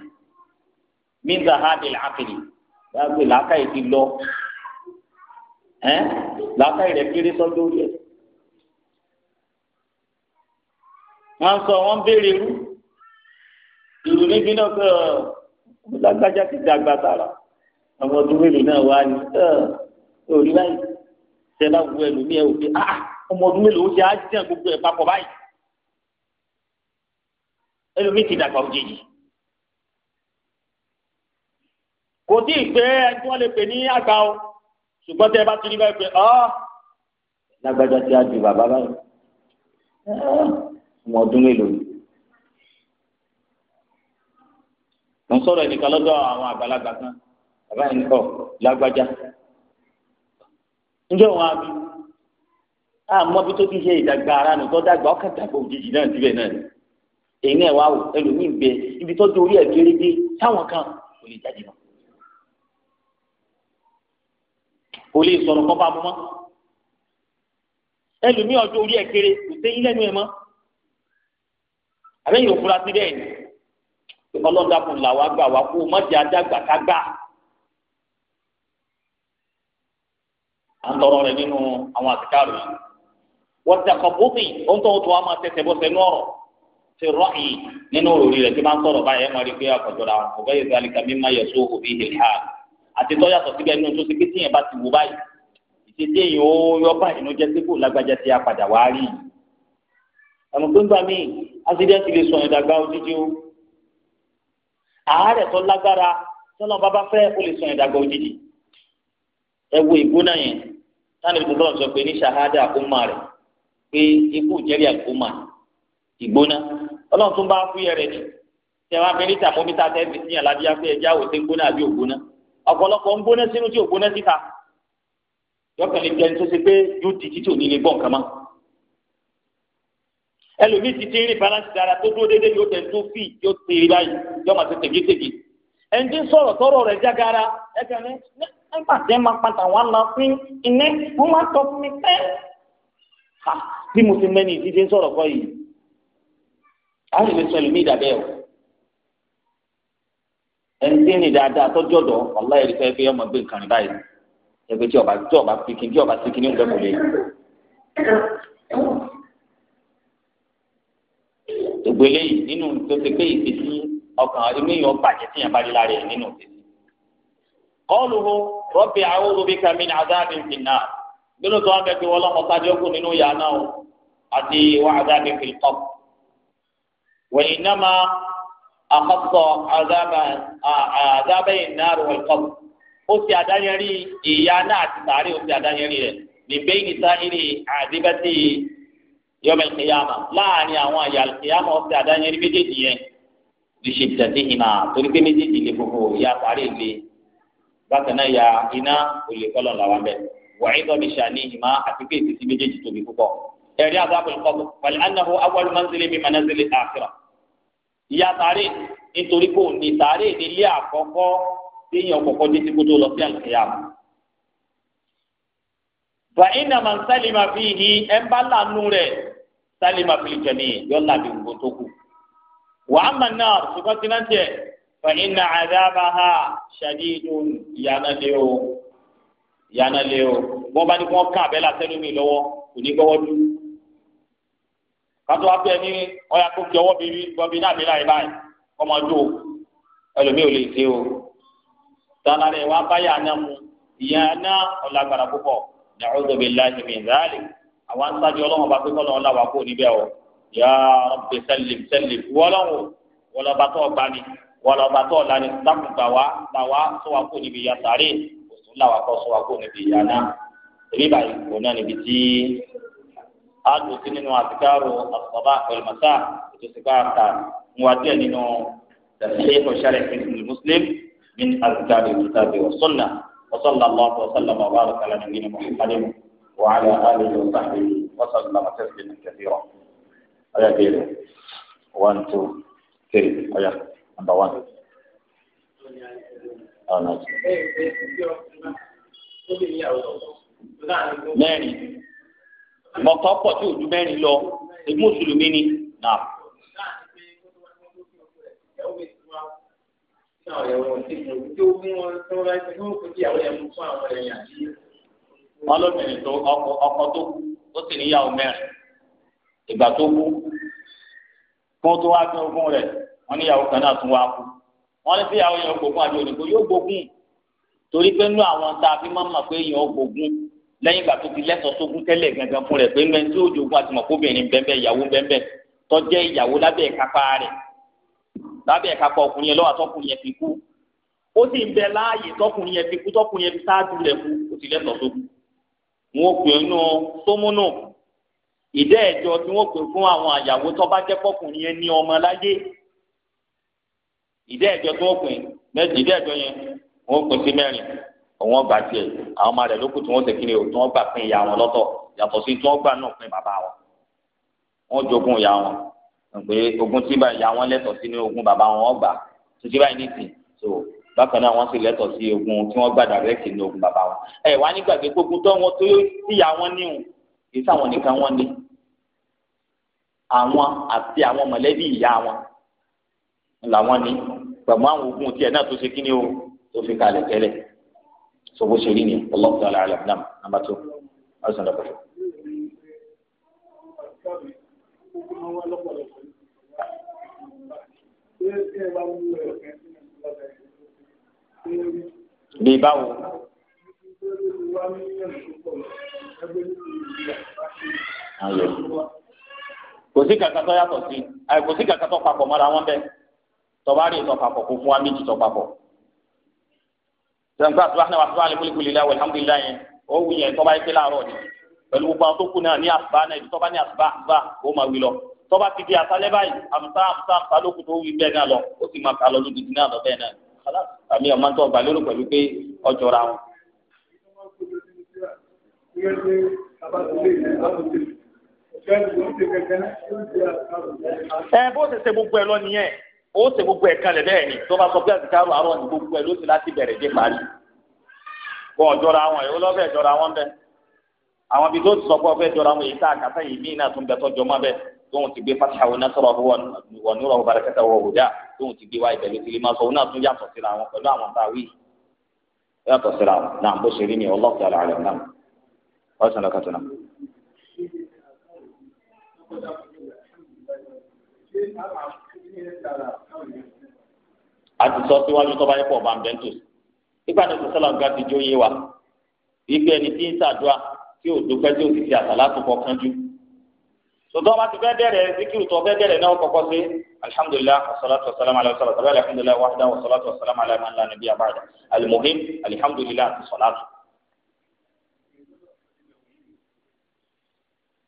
mí ń zahadil aqli láàgbé làákàyè ti lọ ẹ làákàyè rẹ kéré sọ́jọ́ orí ẹ wọn sọ wọn béèrè irú irú níbi náà kọ lágbájá ti dàgbà sára àwọn ọdún náà wá ní ẹ orí báyìí tẹ́lá wu ẹlòmíẹ òfin ah, ah ọmọ ọdún mélòó ṣe á jẹ́ gbogbo ẹ̀ papọ̀ báyìí ẹlòmíì ti dàgbà òjijì kò tí ì pé ẹni lè pè ní àgbà o ṣùgbọ́n tẹ́ ẹ bá ti rí báyìí pé ọ́ ah, lágbájá ti á ju bàbá báyìí ọmọ ah, ọdún mélòó ni. mo sọ̀rọ̀ ẹnìkan lọ́dọ̀ àwọn àgbàlagbà kan bàbá yẹn kọ̀ oh, lágbájá. ǹjẹ́ òun á bí àmọ́ bí tó ti ṣe ìdàgbà ara nù tó dàgbà ọkàn dàgbà òjijì náà síbẹ̀ náà ni èyí náà wà wò ẹlòmíì bẹ ibi tó di ẹ̀ kéré dé táwọn kan kò lè jáde náà. kò lè sọ̀rọ̀ kọ́ bá mú mọ́ ẹlòmíì ọjọ́ orí ẹ̀ kéré kò séyìn lẹ́nu ẹ̀ mọ́ àbẹ́yìn òfurá sí bẹ́ẹ̀ ni ọlọ́dàkùn làwa gbà wá kó má jẹ́ adágbà ká gbà. à ń tọrọ rẹ nínú àwọn àtìkárò yìí wọ́n ti àkọ́ bóbì ó ń tọ́wọ́ tó wá máa tẹ̀sẹ̀ bọ́sẹ̀ ní ọ̀rọ̀ ti rọ́ọ̀yì nínú òròrí rẹ̀ tí máa ń sọ̀rọ̀ báyẹn máa rí pé àkọ́jọ́ra wọn kò bẹ́ẹ̀ yẹ sóhùn bíi hìlhàn àti tọ́ yàtọ̀ síbẹ̀ nínú tó ṣe pé tíyẹn bá ti wò báyìí ìṣèdí èyàn ó yọ báyìí ló jẹ́ pé kò lágbájá ti apàdà wá rí yìí. àmọ́ pé nígbà míì accident lè sọ ìdàgbà òjijì o àárẹ̀ tó lágbára tọ́lọ́ bàbá fẹ́ ó lè sọ ìdàgbà òjijì ẹ wo ìgbóná yẹn táwọn ìbùdó tọ́lọ̀ sọ pé ní ṣahada àkómà rẹ̀ pé ikú jẹ́rìí àkómà ìgbóná ọlọ́run tún bá fúyẹ́ rẹ̀ ni tẹ̀wá fi ní tàmómítà tẹ́ẹ̀fì síyàn lábíyá pé ẹjẹ́ àwòtẹ́ gbóná àbí ògbóná ọ̀pọ̀lọpọ̀ ń gbóná sínú tí ò gbóná síta yọkànlẹ̀ jẹun tó ṣe pé yóò di títí òní lè gbọ́n kama ẹlòmíì ti ti rìn balance dára tó dúró déédéé yóò tẹ̀sí fi yóò ti rí báyìí yóò máa ṣe tègétègé ẹni tí ń sọ̀rọ̀ tọ́rọ̀ rẹ̀ jágara ẹgbẹ̀rún nígbà tí ẹ máa padà wá lọ sí iná wọ́n máa sọ fún mi pẹ́ bí mo ti mẹ́ni ìdíje sọ̀rọ̀ kọ́ yìí àwọn ìlú ẹlòmíì dàbẹ́ o ẹni tí ń rìn dáadáa tọ́jú ọ̀dọ́ ọ̀la ẹ̀rí fẹ́ fẹ́ ọmọ gbé nǹkan rìn báyìí ẹgbẹ́ tí ọba tí ọba pikin tí ọba sikin ní ìgbẹ́ kò lè. gbogbo eléyìí nínú tó ti pé ìfèsì ọkàn inú èèyàn bàjẹ́ tíyàn bá rí lára ẹ̀ nínú ìfèsì. kọ́ọ̀lù wo rọ́bì a'udhu bika min adhabin finnar gbẹ́nu tó wá bẹ pé wọ́n lọ́mọ sáájú ọkùn nínú ìyá náà àti wọ́n adhabin fil qabr. wa innama àkọ́kọ́ àdábẹ́yìn náà rẹ̀ kọ́ ó ti àdáyẹrí ìyá náà àti sàárè ó ti àdáyẹrí rẹ̀ níbẹ̀ yìí sáyẹ́rì àdìbẹ́tì yọmọ ìkìyàmà láàrin àwọn àyà ìkìyàmà ó ti àdáyẹrí méjèèjì yẹn lè ṣe tẹ̀sí ìmà torí pé méjèèjì lè gbogbo ìyá sàárè lè bákan náà ya iná olè kọ́lọ̀ làwọn bẹ́ẹ̀ wàá ìdọ́ mi ṣàní ìmà àti pé ìtìsí méjèèjì tóbi púpọ̀ ẹ̀rí àbábọ̀ ìkọ́ ìyá sáré nítorí kò ní sáré nílé àkọ́kọ́ téèyàn kọ́kọ́ dé tí kò tó lọ sí àlùkìyà. fàyínà máa ń sálìmà fi hi ẹ̀ ń bá lànú rẹ̀ sálìmà fi jẹ̀ ní yọ̀ọ́lá bí nǹkan tó kù. wàá mà náà ṣùgbọ́n tí náà jẹ́ fàyínà àdábàá ṣàdídùn ìyànà lé o ìyànà lé o wọ́n bá ní kí wọ́n ká àbẹ́là sẹ́lómi lọ́wọ́ kò ní gbọ́wọ́ dúró kátó wá pé ẹni ọyà kó fi ọwọ́ bíbí bọ́bí náà mi láyé báyìí ọmọ jó ẹlòmíì ò lè ṣe o tala rẹ wá báyà náà mu ìyá náà ọ̀làgbàrà púpọ̀ na'udhu billahi min zalik àwọn sáájú ọlọ́wọ́n bá pé kọ́ lọ́wọ́ làwọn níbẹ̀ o ya rabbi sallim sallim wọ́lọ́wọ́ wọ́lọ́ba tó ọgbà ni wọ́lọ́ba tó ọ̀la ni dákùnkà wá làwa tó wà kó níbi ìyá sàárè òsùn làwà kọ́ sọ wà àdùn sí nínú àtikárò àtọ̀bá ọ̀lùmọ̀sá ètò ìsìnká àkà ń wá díẹ̀ nínú tẹ̀sílẹ̀ ìfọ̀ṣẹ́lẹ̀ ìfìsìlì mùsùlùmí min àtikárò ìtàbí ọ̀sọ́nà ọ̀sọ́nà lọ́wọ́ ọ̀sọ́nà bàbá àlùkálà ní nínú وعلى آله وصحبه وسلم تسليما كثيرا. أيا كيلو 1 2 3 أيا نمبر 1 أو ناس mọ̀tọ́ pọ̀ tí ojú mẹ́rin lọ ebi mùsùlùmí ni nà. wọ́n lóbìnrin tó ọkọ tó kú ó sì níyàwó mẹ́rin ìgbà tó kú kó tó wá gbé ogún rẹ̀ wọ́n níyàwó kan náà tún wá kú wọ́n ní sí ìyàwó yẹn gbógun àbí òdìgbò yóò gbógun torí pé nínú àwọn tá a fi máa ń mọ̀ pé èèyàn gbógun lẹ́yìn ìgbà tó ti lẹ́tọ̀ọ́ sógún tẹ́lẹ̀ gangan fún rẹ̀ pé mẹ́rin tí ó jogún àti mọ̀kóbìnrin bẹ́ẹ̀ ìyàwó bẹ́ẹ̀ tó jẹ́ ìyàwó lábẹ́ ìkápá rẹ̀ lábẹ́ ìkápá ọkùnrin yẹn lọ́wọ́ àtọkùnrin yẹn fi kú ó sì ń bẹ láàyè tọkùnrin yẹn fi kú tọkùnrin yẹn fi sáájú rẹ̀ kú ó ti lẹ́tọ̀ọ́ sógún. wọn pè é nù sómúnù ìdá ẹ̀jọ tí wọ́n pè fún àwọn àyàwó tó bá jẹ́ pọ́kùnrin yẹn ní ọmọ láyé ìdá ẹ̀jọ tí wọ́n pè ìdá ẹ̀jọ yẹn wọ́n òun gbà tiẹ̀ àwọn ọmọ rẹ̀ lókù tí wọ́n tẹ̀kí ni o tí wọ́n gbà pín ìyá wọn lọ́tọ̀ yàtọ̀ sí tí wọ́n gbà náà pín bàbá wọn wọ́n jogún ìyá wọn pé ogún tí ìyá wọn lẹ́tọ̀ sí ní ogún bàbá wọn gbà títí báyìí nìsín so bákan náà wọ́n sì lẹ́tọ̀ sí ogún tí wọ́n gbà dàrẹ́kì ní ogún bàbá wọn. ẹ wá nígbàgbé gbogbo tó wọn tó tíyà wọn níhùn kì í sáwọn nìkan wọn ní àwọn àti àwọn mọ̀lẹ́bí ìyá wọn làwọn ní pẹ̀lú àwọn ogún tiẹ̀ náà tó ṣe kí ni o tó fi kalẹ̀ tẹ́lẹ̀ so bó ṣe rí ni Allahu ta'ala a'lam nam nàmbà tó ọ̀sán lọ́kọ̀ọ́. bí báwo. ayọ̀ kò sí kàkà tó yàtọ̀ sí kò sí kàkà tó papọ̀ mọ́ra wọn bẹ́ẹ̀ tọ́ba rí ìtọ́ papọ̀ kò fún wa méjì tọ́ papọ̀ sọ̀rọ̀ nípa subahana wa subahana kulikuli la walhamdulilayi yẹn o wù yẹn tọ́ba yẹn pé láàárọ̀ ni pẹ̀lú gbogbo àwọn tó kù náà ní àsùbá náà ibi tọ́ba ní àsùbá àsùbá ó máa wí lọ tọ́ba ti di àṣálẹ́ báyìí àmùsá àmùsá àmùsá ló kù tó wí bẹ́ẹ̀ náà lọ ó sì máa kà lọ lójijì náà lọ bẹ́ẹ̀ náà àmì ọmọ tó gbà lérò pẹ̀lú pé ọjọ́ ra wọn. ẹ bó ṣe ṣe gbogbo ẹ lọ nìyẹn ó ṣe gbogbo ẹ̀ka lẹ̀ bẹ́ẹ̀ ni tó bá sọ pé àtìkárò àárọ̀ ní gbogbo ẹ̀ ló ti láti bẹ̀rẹ̀ dé parí bọ́ ọ̀jọ́ra àwọn ẹ̀ ó lọ́fẹ̀ẹ́ jọra wọn bẹ́ẹ̀ àwọn ibi tó ti sọ pé ọ̀fẹ́ jọra wọn èyí tá a kàtá yìí míì náà tó ń bẹ tọ́jọ mọ́ bẹ́ẹ̀ tóun ti gbé fatiha wọn nasọrọ fún wọn wọn nírọ wọn barakata wọn òdà tóun ti gbé wá ibẹ̀ ló sọ wọn náà tún yàtọ̀ àti sọ síwájú tó bá yẹ pọ̀ bá ń bẹ́ńtò nígbà tó sọ́sọ́lá ọ̀gá ti jó yé wa wípé ẹni tí ń ṣàdúrà tí ò dúpẹ́ tí ò sì ṣe àtàlà tó kọ kánjú tòtò ọba ti fẹ́ bẹ̀rẹ̀ zikiru tó fẹ́ bẹ̀rẹ̀ náà kọ́kọ́ sí alihamdulilah wasalaatu wasalaamu alayhi wa salatu alayhi alihamdulilah wahda wasalaatu wasalaamu alayhi wa sallam alayhi wa sallam alayhi wa sallam alimuhim alihamdulilah ti salatu.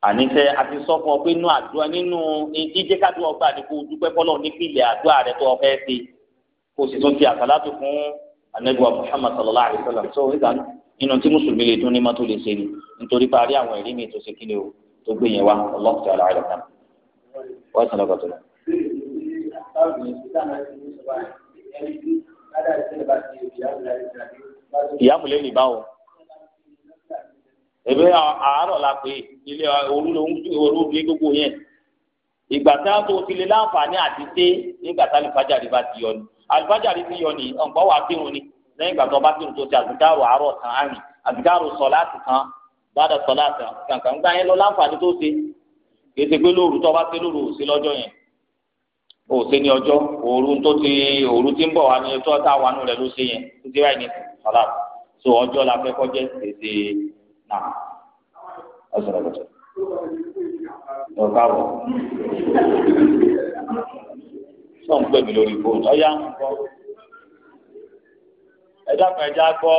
àníṣe àti sọfún ọ pé inú àdúrà nínú ọgbà ni kò fọlọ àdúrà rẹ tó ṣe kò sì tún ti fún anagba muhammad alayhi wa sallam so nígbà nínú tí mùsùlùmí lè ní mọ́tò lè ṣe ni nítorí parí àwọn mi tó ṣe o tó gbé yẹn wá tí a ebe àárọ̀ la pé ilé òru ló ń òru ní gbogbo yẹn ìgbà tí wọn tó ti lè láǹfààní àti dé nígbà tí alifájàre bá ti yọ ni alifájàre ti yọ ni ọ̀npọ̀ wà kírun ni lẹ́yìn ìgbà tó bá kírun tó ti àzùkárò àárọ̀ tán àrìn àzùkárò sọ láti kan gbádà sọ láti kankan gbá yẹn lọ láǹfààní tó ṣe kéde pé lóru tó bá ṣe lóru ò lọ́jọ́ yẹn ò sí ọjọ́ òru tó ti òru ti ń bọ̀ wá ní tó so ọjọ́ la fẹ́ kọjá náà ọ sọ̀rọ̀ bọ̀tọ̀ ọ̀gá wọ̀ sọ̀ ń pè mí lórí fóònù ọ̀yá ń gbọ́ ẹ̀dá kan ẹ̀dá gbọ́.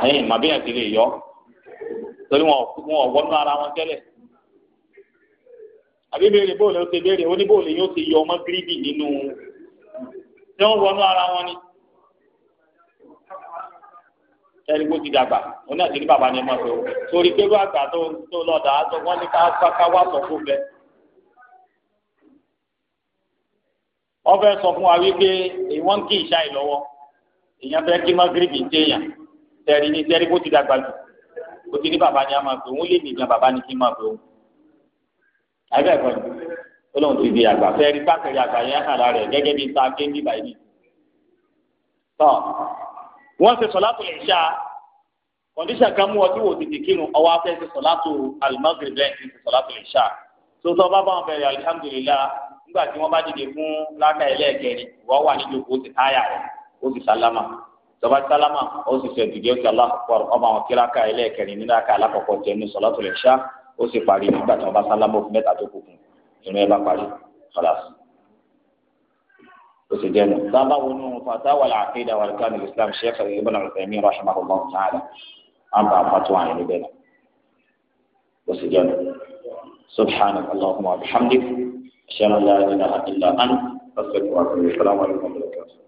àyìn màbíyàn ti lè yọ torí wọn wọn wọnú ara wọn tẹ́lẹ̀ àbí bóòlù ó tí wọ́n wọnú ara wọn ni. ẹni kó ti dàgbà òun náà ti ní bàbá ni ẹ máa tó torí pé wọ́n àgbà tó tó lọ́dà á sọ wọ́n ní ká ká wá sọ fún bẹ́ẹ̀. wọ́n fẹ́ sọ fún wa wípé ìwọ́n kì í ṣáì lọ́wọ́ èèyàn fẹ́ kí mọ́gírìbì téèyàn tẹ̀rí ní tẹ̀rí kó ti dàgbà jù kó ti ní bàbá ni a máa pè òun lè nìyàn bàbá ni kí n máa pè òun. àbẹ́ ẹ̀kọ́ ni. Ọlọ́run ti di àgbà fẹ́ rí káàkiri àgbà yẹn hàn gẹ́gẹ́ bí ta ké ní báyìí. tọ́ wọ́n ṣe sọ̀látù ìṣá kọ̀ndíṣà kan mú ọtí wò tètè kírun ọwọ́ afẹ́ ṣe sọ̀látù alimọ́gìrì lẹ́yìn ti ṣe sọ̀látù ìṣá tó tọ́ bá báwọn bẹ̀rẹ̀ alihamudulilá nígbà tí wọ́n bá dìde fún láka ẹlẹ́ẹ̀kẹrin wọ́n wà níjó kó ti táyà rẹ̀ ó ti sálámà tọba sálámà ó sì fẹ́ dìde ó ti aláàpọ̀ ọba àwọn kíláka ẹlẹ́ẹ̀kẹrin nínú àká alákọ̀ọ́kọ́ jẹ́ ní sọ̀látù ìṣá ó sì parí nígbà tí wọ́n bá sálámà òfin mẹ́ta tó kù fún un. ìrìn ẹ bá parí khalas ó sì jẹnu sábà wọnú fatawa al-aqida wa arkan ní islam sheikh ibn al-Uthaymin rahimahullah ta'ala an bá fatuwa yẹn níbẹ̀ náà ó sì jẹnu subhanaka allahumma wa bihamdik ashhadu an la ilaha illa anta astaghfiruka wa atubu ilayk